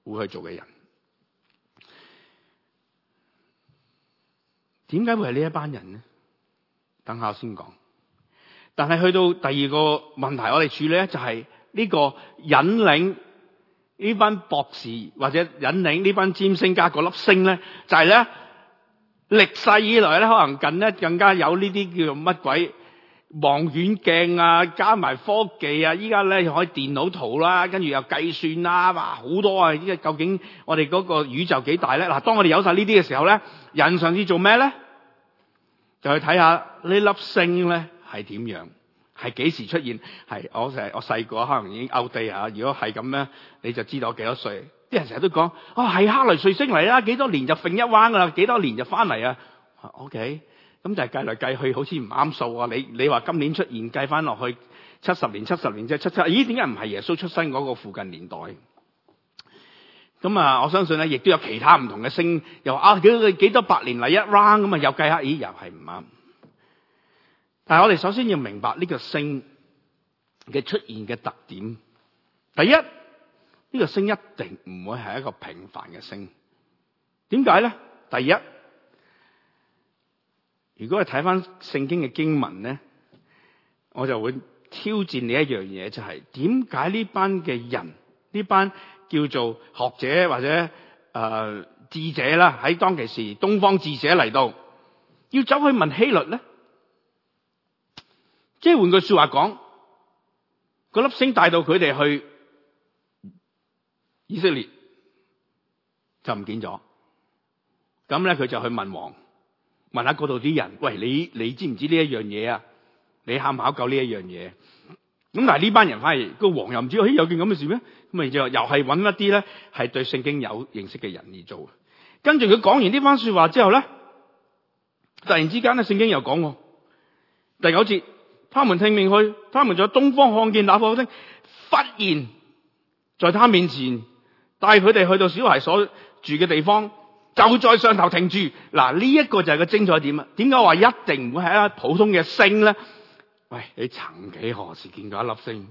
[SPEAKER 1] 會去做嘅人。點解會係呢一班人呢？等下先講。但係去到第二個問題，我哋處理咧就係呢個引領呢班博士或者引領呢班占星家嗰粒星咧，就係咧。歷世以來咧，可能近咧更加有呢啲叫做乜鬼望遠鏡啊，加埋科技啊，依家咧可以電腦圖啦、啊，跟住又計算啦、啊，哇好多啊！依家究竟我哋嗰個宇宙幾大咧？嗱，當我哋有晒呢啲嘅時候咧，人上次做咩咧？就去睇下呢粒星咧係點樣，係幾時出現？係我成我細個可能已經 outdate 啊！如果係咁咧，你就知道我幾多歲。啲人成日都講啊，係、哦、哈雷彗星嚟啦，幾多年就揈一彎噶啦，幾多年就翻嚟啊？OK，咁就係計嚟計去，好似唔啱數啊！你你話今年出現計翻落去七十年、七十年即係，七七，咦？點解唔係耶穌出生嗰個附近年代？咁啊，我相信咧，亦都有其他唔同嘅星，又啊幾多幾多百年嚟一 round 咁啊，又計下，咦又係唔啱？但係我哋首先要明白呢個星嘅出現嘅特點，第一。呢個星一定唔會係一個平凡嘅星，點解咧？第一，如果你睇翻聖經嘅經文咧，我就會挑戰你一樣嘢，就係點解呢班嘅人，呢班叫做學者或者誒、呃、智者啦，喺當其時東方智者嚟到，要走去問希律咧？即係換句說話講，嗰粒星帶到佢哋去。以色列就唔見咗，咁咧佢就去問王，問下嗰度啲人，喂，你你知唔知呢一樣嘢啊？你考唔考究呢一樣嘢？咁但係呢班人反而個王又唔知，咦，有件咁嘅事咩？咁咪就又係揾一啲咧係對聖經有認識嘅人嚟做。跟住佢講完呢番說話之後咧，突然之間咧聖經又講喎：「第九節，他們聽命去，他們在東方看見那火星，忽然在他面前。帶佢哋去到小孩所住嘅地方，就在上頭停住。嗱，呢一個就係個精彩點啊！點解話一定唔會係一粒普通嘅星咧？喂，你曾幾何時見過一粒星？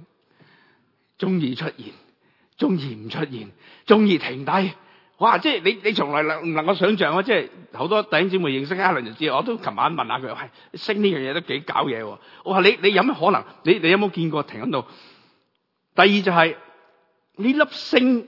[SPEAKER 1] 中意出現，中意唔出現，中意停低。哇！即係你你從來能唔能夠想象啊？即係好多弟兄姊妹認識阿 Alan 就知，我都琴晚問下佢，喂，星呢樣嘢都幾搞嘢喎！我話你你有乜可能？你你有冇見過停喺度？第二就係呢粒星。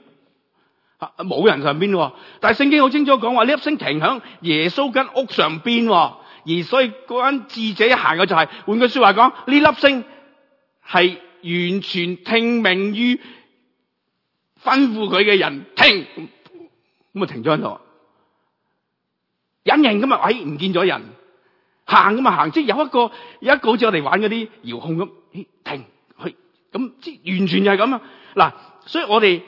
[SPEAKER 1] 冇人上邊喎，但係聖經好清楚講話呢粒星停響耶穌間屋上邊，而所以嗰間智者一行嘅就係、是，換句說話講呢粒星係完全聽命於吩咐佢嘅人停，咁啊停咗喺度，隱形咁啊唉唔見咗人，行咁啊行，即有一個有一個好似我哋玩嗰啲遙控咁，停去，咁即完全就係咁啊，嗱，所以我哋。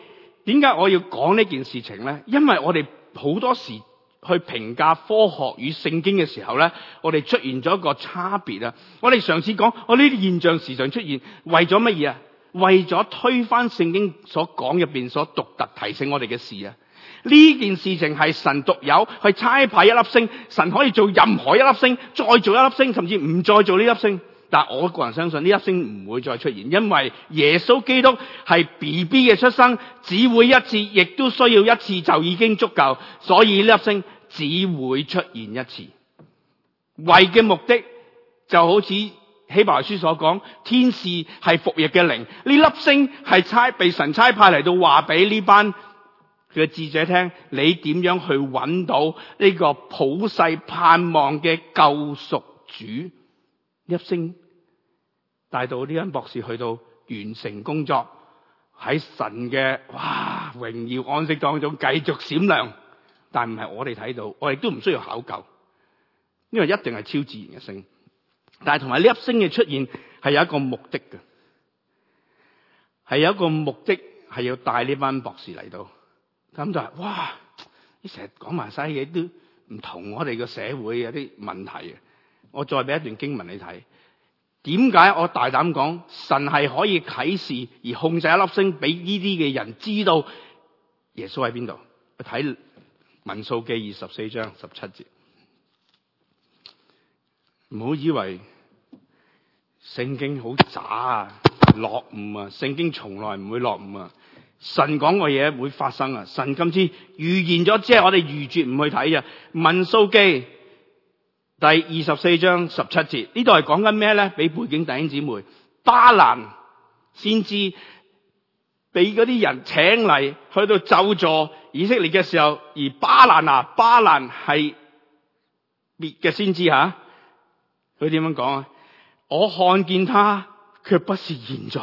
[SPEAKER 1] 點解我要講呢件事情呢？因為我哋好多時去評價科學與聖經嘅時候呢，我哋出現咗一個差別啊！我哋上次講，我呢啲現象時常出現，為咗乜嘢啊？為咗推翻聖經所講入邊所獨特提醒我哋嘅事啊！呢件事情係神獨有，差派一粒星，神可以做任何一粒星，再做一粒星，甚至唔再做呢粒星。但我個人相信呢粒星唔會再出現，因為耶穌基督係 B B 嘅出生只會一次，亦都需要一次就已經足夠，所以呢粒星只會出現一次。為嘅目的就好似希伯來書所講，天使係服役嘅靈，呢粒星係差被神差派嚟到話俾呢班佢嘅智者聽，你點樣去搵到呢個普世盼望嘅救贖主？一星。帶到呢班博士去到完成工作，喺神嘅哇榮耀安息當中繼續閃亮，但唔係我哋睇到，我哋都唔需要考究，因為一定係超自然嘅星。但係同埋呢粒星嘅出現係有一個目的嘅，係有一個目的係要帶呢班博士嚟到。咁就話哇，你成日講埋晒嘢都唔同我哋嘅社會有啲問題嘅，我再俾一段經文你睇。點解我大膽講神係可以啟示而控制一粒星俾呢啲嘅人知道耶穌喺邊度？睇民數記二十四章十七節。唔好以為聖經好渣啊、落伍啊，聖經從來唔會落伍啊。神講嘅嘢會發生啊。神今次預言咗，只係我哋拒絕唔去睇啊。民數記。第二十四章十七節呢度係講緊咩咧？俾背景弟兄姊妹，巴蘭先知俾嗰啲人請嚟去到咒詛以色列嘅時候，而巴蘭啊，巴蘭係別嘅先知吓。佢點樣講啊說呢？我看見他，卻不是現在；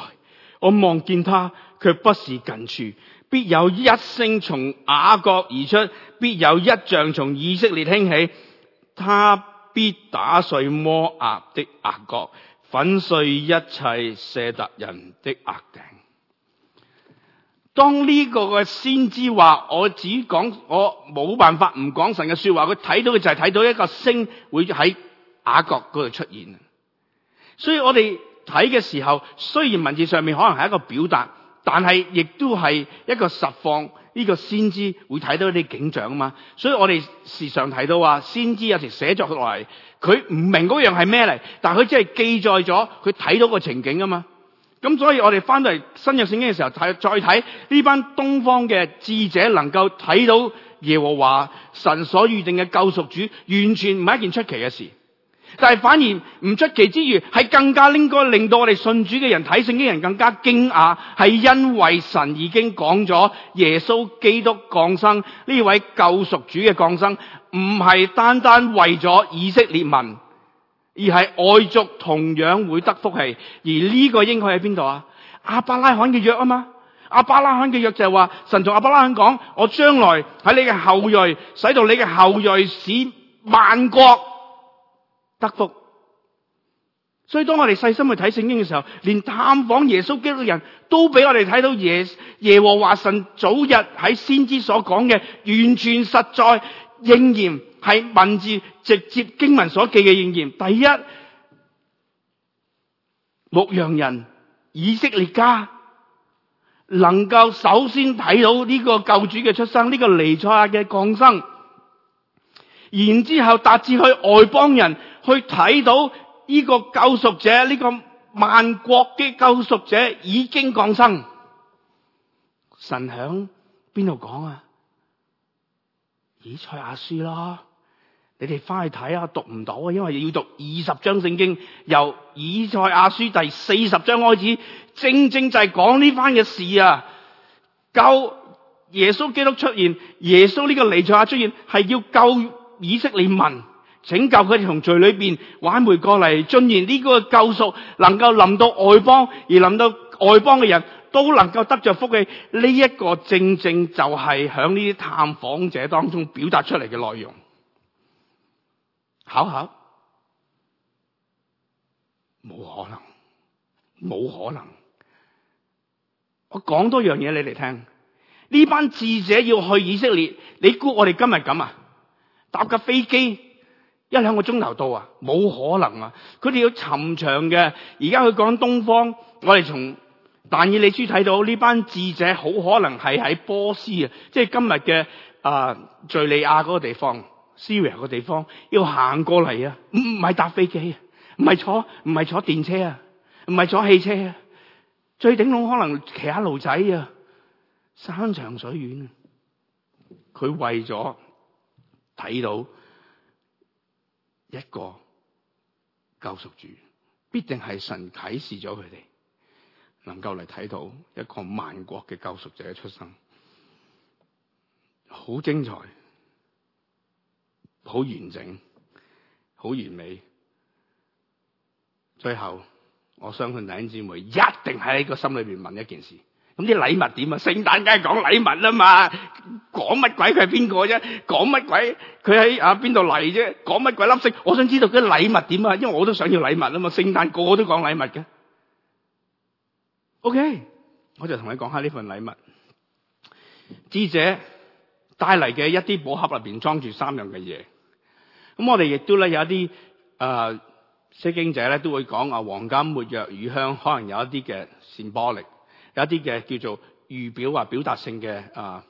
[SPEAKER 1] 我望見他，卻不是近處。必有一星從雅各而出，必有一杖從以色列興起。他。必打碎摩押的額角，粉碎一切舍達人的額頂。當呢個嘅先知話，我只講我冇辦法唔講神嘅說話，佢睇到嘅就係睇到一個星會喺雅各嗰度出現。所以我哋睇嘅時候，雖然文字上面可能係一個表達，但係亦都係一個實況。呢個先知會睇到啲景象嘛，所以我哋時常提到話，先知有時寫作落嚟，佢唔明嗰樣係咩嚟，但係佢只係記載咗佢睇到個情景嘛。咁所以我哋翻到嚟新約聖經嘅時候，再睇呢班東方嘅智者能夠睇到耶和華神所預定嘅救贖主，完全唔係一件出奇嘅事。但係反而唔出奇之餘係更加應該令到我哋信主嘅人睇聖經人更加驚訝，係因為神已經講咗耶穌基督降生呢位救贖主嘅降生，唔係單單為咗以色列民，而係外族同樣會得福氣。而呢個應該喺邊度啊？亞伯拉罕嘅約啊嘛，亞伯拉罕嘅約就係話神同亞伯拉罕講：我將來喺你嘅後裔，使到你嘅後裔使萬國。得福，所以當我哋細心去睇聖經嘅時候，連探訪耶穌基督嘅人都俾我哋睇到耶耶和華神早日喺先知所講嘅完全實在應驗，係文字直接經文所記嘅應驗。第一，牧羊人以色列家能夠首先睇到呢個救主嘅出生，呢、這個彌賽亞嘅降生，然之後達至去外邦人。去睇到呢個救贖者，呢個萬國嘅救贖者已經降生。神響邊度講啊？以賽亞書啦，你哋翻去睇下讀唔到，因為要讀二十章聖經，由以賽亞書第四十章開始，正正就係講呢番嘅事啊！救耶穌基督出現，耶穌呢個彌賽亞出現，係要救以色列民。拯救佢哋從罪裏邊挽回過嚟，進而呢個救贖能夠臨到外邦，而臨到外邦嘅人都能夠得着福氣。呢、這、一個正正就係響呢啲探訪者當中表達出嚟嘅內容。考考，冇可能，冇可能。我講多樣嘢你嚟聽。呢班智者要去以色列，你估我哋今日咁啊？搭架飛機？一兩個鐘頭到啊，冇可能啊！佢哋要尋場嘅。而家佢講東方，我哋從但以理書睇到呢班智者好可能係喺波斯啊，即係今日嘅啊敍利亞嗰個地方，Syria 個地方，地方要行過嚟啊，唔係搭飛機啊，唔係坐唔係坐電車啊，唔係坐汽車啊，最頂籠可能騎下路仔啊，山長水遠啊，佢為咗睇到。一個救贖主必定係神啟示咗佢哋，能夠嚟，睇到一個萬國嘅救贖者出生，好精彩，好完整，好完美。最後，我相信弟兄姊妹一定喺個心裏邊問一件事：咁啲禮物點啊？聖誕梗係講禮物吖嘛。講乜鬼佢係邊個啫？講乜鬼佢喺啊邊度嚟啫？講乜鬼粒色？我想知道啲禮物點啊，因為我都想要禮物啊嘛。聖誕個個都講禮物嘅。OK，我就同你講下呢份禮物。智者帶嚟嘅一啲寶盒入邊裝住三樣嘅嘢。咁我哋亦都咧有一啲啊，釋經者咧都會講啊、黃金、沒藥、乳香，可能有一啲嘅 symbolic，有一啲嘅叫做預表話表達性嘅啊，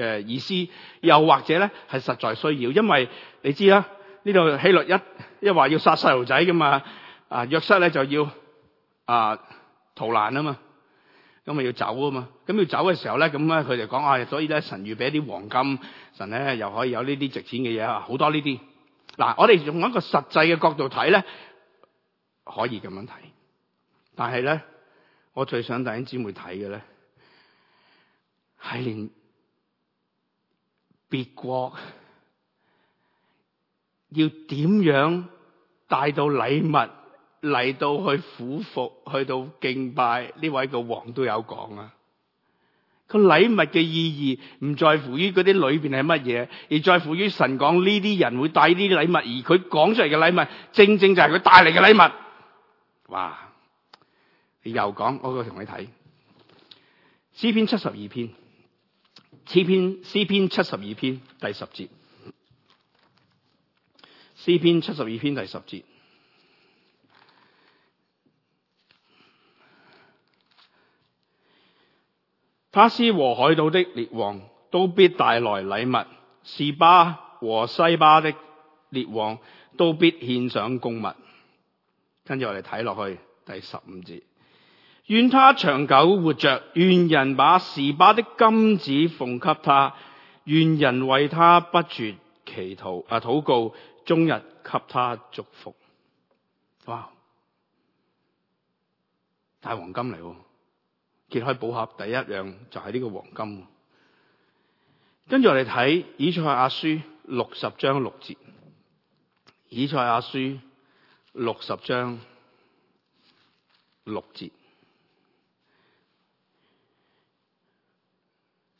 [SPEAKER 1] 嘅意思，又或者咧係實在需要，因為你知啦，呢度希律一一話要殺細路仔噶嘛，啊約瑟呢咧就要啊逃難啊嘛，咁啊要走啊嘛，咁要走嘅時候咧，咁咧佢哋講啊，所以咧神預備一啲黃金，神咧又可以有呢啲值錢嘅嘢啊，好多呢啲。嗱，我哋用一個實際嘅角度睇咧，可以咁樣睇，但係咧，我最想弟兄姊妹睇嘅咧係連。別國要點樣帶到禮物嚟到去俯伏去到敬拜呢位嘅王都有講啊。這個禮物嘅意義唔在乎於嗰啲裏邊係乜嘢，而在乎於神講呢啲人會帶啲禮物，而佢講出嚟嘅禮物正正就係佢帶嚟嘅禮物。哇！你又講，我再同你睇詩篇七十二篇。詩篇詩篇七十二篇第十節，詩篇七十二篇第十節，他施和海島的列王都必帶來禮物，示巴和西巴的列王都必獻上貢物。跟住我哋睇落去第十五節。願他長久活着，願人把時把的金子奉給他，願人為他不絕祈禱啊，禱告終日給他祝福。哇，大黃金嚟喎揭開寶盒第一樣就係呢個黃金。跟住我哋睇以賽亞書六十章六節。以賽亞書六十章六節。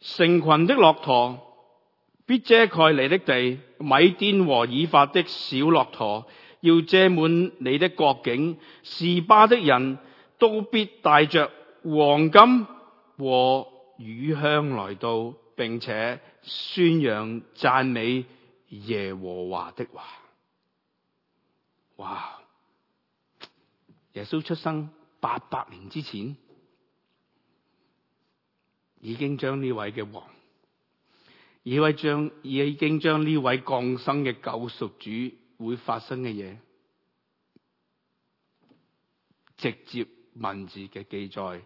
[SPEAKER 1] 成群的駱駝必遮蓋你的地，米甸和以法的小駱駝要遮滿你的國境。示巴的人都必帶着黃金和乳香來到，並且宣揚讚美耶和華的話。哇！耶穌出生八百年之前。已經將呢位嘅王，呢位將已經將呢位降生嘅救贖主會發生嘅嘢，直接文字嘅記載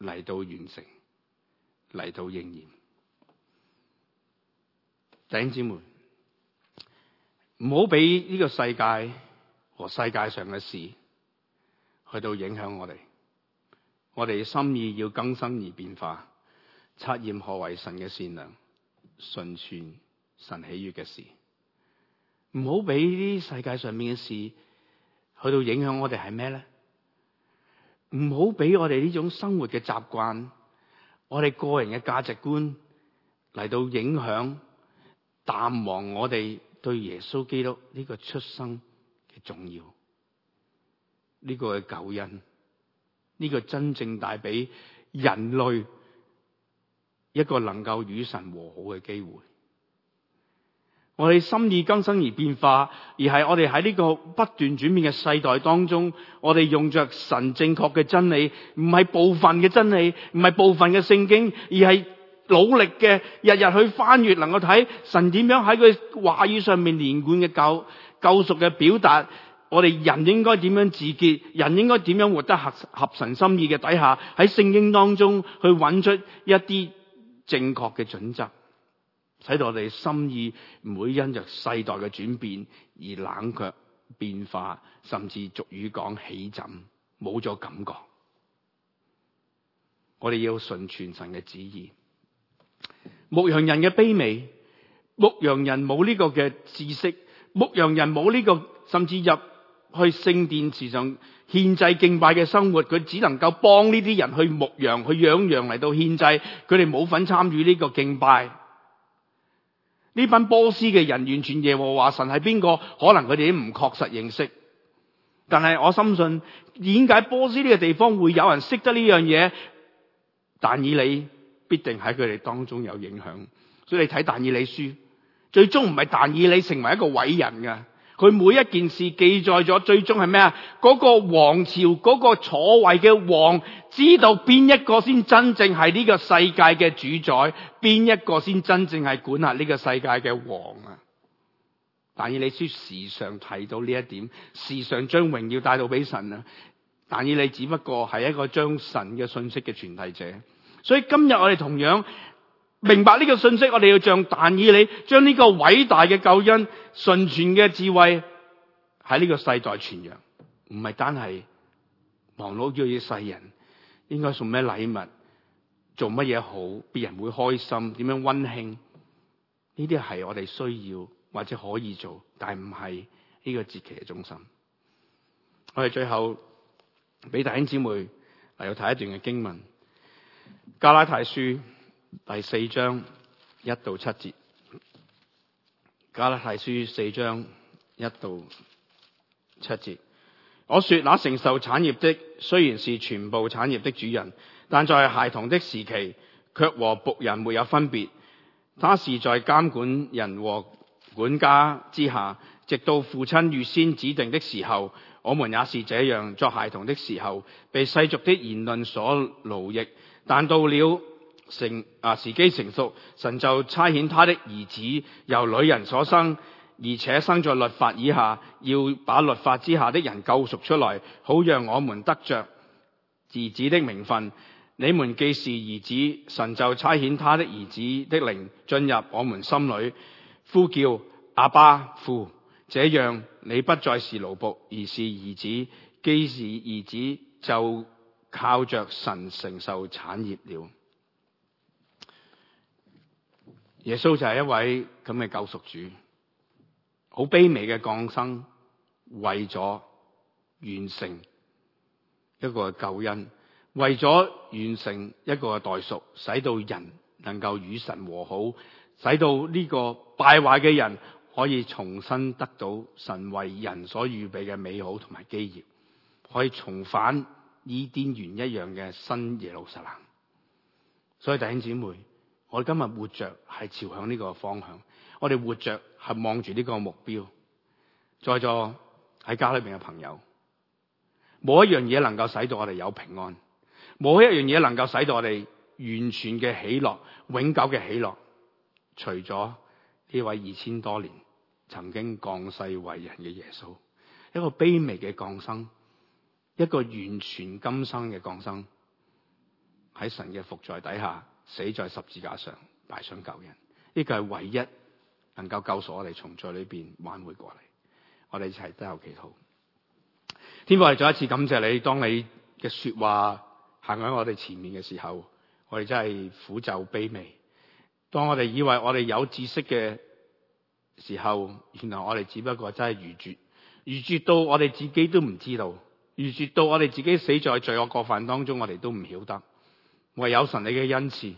[SPEAKER 1] 嚟到完成，嚟到應驗。弟兄姊妹，唔好俾呢個世界和世界上嘅事去到影響我哋。我哋心意要更新而變化，測驗何為神嘅善良，順從神喜悅嘅事，唔好俾呢世界上面嘅事去到影響我哋，係咩咧？唔好俾我哋呢種生活嘅習慣，我哋個人嘅價值觀嚟到影響淡忘我哋對耶穌基督呢個出生嘅重要，呢、這個嘅救恩。呢個真正帶俾人類一個能夠與神和好嘅機會。我哋心意更生而變化，而係我哋喺呢個不斷轉變嘅世代當中，我哋用着神正確嘅真理，唔係部分嘅真理，唔係部分嘅聖經，而係努力嘅日日去翻閱，能夠睇神點樣喺佢話語上面連貫嘅救、救贖嘅表達。我哋人應該點樣自潔？人應該點樣活得合合神心意嘅底下？喺聖經當中去揾出一啲正確嘅準則，使到我哋心意唔會因着世代嘅轉變而冷卻、變化，甚至俗語講起枕冇咗感覺。我哋要順全神嘅旨意。牧羊人嘅卑微，牧羊人冇呢個嘅知識，牧羊人冇呢個，甚至入。去聖殿時常獻祭敬拜嘅生活，佢只能夠幫呢啲人去牧羊，去養羊嚟到獻祭，佢哋冇份參與呢個敬拜。呢班波斯嘅人完全耶和華神係邊個？可能佢哋都唔確實認識。但係我深信，點解波斯呢個地方會有人識得呢樣嘢？但以理必定喺佢哋當中有影響。所以你睇但以理書，最終唔係但以理成為一個偉人㗎。佢每一件事記載咗，最終係咩啊？嗰、那個王朝，嗰、那個所謂嘅王，知道邊一個先真正係呢個世界嘅主宰，邊一個先真正係管轄呢個世界嘅王啊？但以理書時常提到呢一點，時常將榮耀帶到俾神啊！但以理只不過係一個將神嘅信息嘅傳遞者，所以今日我哋同樣。明白呢個信息，我哋要像但以理將呢個偉大嘅救恩、純全嘅智慧喺呢個世代傳揚，唔係單係忙碌於啲世人應該送咩禮物、做乜嘢好，別人會開心，點樣溫馨？呢啲係我哋需要或者可以做，但唔係呢個節期嘅中心。我哋最後俾弟兄姊妹嚟到睇一段嘅經文《加拉太書》。第四章一到七節，加拉太書四章一到七節。我說，那承受產業的雖然是全部產業的主人，但在孩童的時期，卻和僕人沒有分別。他是在監管人和管家之下，直到父親預先指定的時候。我們也是這樣作孩童的時候，被世俗的言論所奴役，但到了成啊，時機成熟，神就差遣他的兒子由女人所生，而且生在律法以下，要把律法之下的人救贖出來，好讓我們得着兒子的名分。你們既是兒子，神就差遣他的兒子的靈進入我們心裏，呼叫阿爸父，這樣你不再是奴僕，而是兒子。既是兒子，就靠着神承受產業了。耶穌就係一位咁嘅救贖主，好卑微嘅降生，為咗完成一個救恩，為咗完成一個代贖，使到人能夠與神和好，使到呢個敗壞嘅人可以重新得到神為人所預備嘅美好同埋基業，可以重返伊甸園一樣嘅新耶路撒冷。所以弟兄姊妹，我今日活着係朝向呢個方向，我哋活着係望住呢個目標，在座喺家裏面嘅朋友，冇一樣嘢，能夠使到我哋有平安，冇一樣嘢，能夠使到我哋完全嘅喜樂、永久嘅喜樂，除咗呢位二千多年曾經降世為人嘅耶穌，一個卑微嘅降生，一個完全今生嘅降生，喺神嘅覆在底下，死在十字架上，埋葬舊人，呢個係唯一能夠救贖我哋從罪裏邊挽回過嚟。我哋一齊都有祈禱。天父，再一次感謝你，當你嘅說話行喺我哋前面嘅時候，我哋真係苦就卑微。當我哋以為我哋有知識嘅時候，原來我哋只不過真係愚拙。愚拙到我哋自己都唔知道，愚拙到我哋自己死在罪惡過犯當中，我哋都唔曉得。唯有神你嘅恩賜，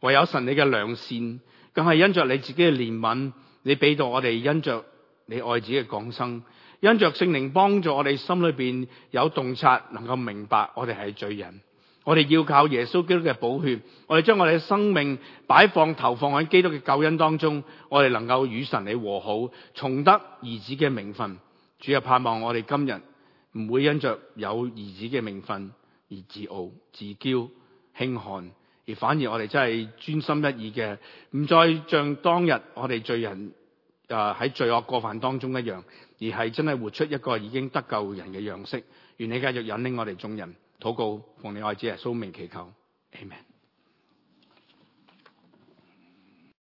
[SPEAKER 1] 唯有神你嘅良善，更係因着你自己嘅憐憫，你俾到我哋，因着你愛自己嘅降生，因着聖靈幫助我哋心裏邊有洞察，能夠明白我哋係罪人，我哋要靠耶穌基督嘅寶血，我哋將我哋嘅生命擺放投放喺基督嘅救恩當中，我哋能夠與神你和好，重得兒子嘅名分。主啊，盼望我哋今日唔會因着有兒子嘅名分而自傲自驕。輕看，而反而我哋真係專心一意嘅，唔再像當日我哋罪人啊喺、呃、罪惡過犯當中一樣，而係真係活出一個已經得救人嘅樣式。願你繼續引領我哋眾人禱告，奉你愛子耶穌名祈求，Amen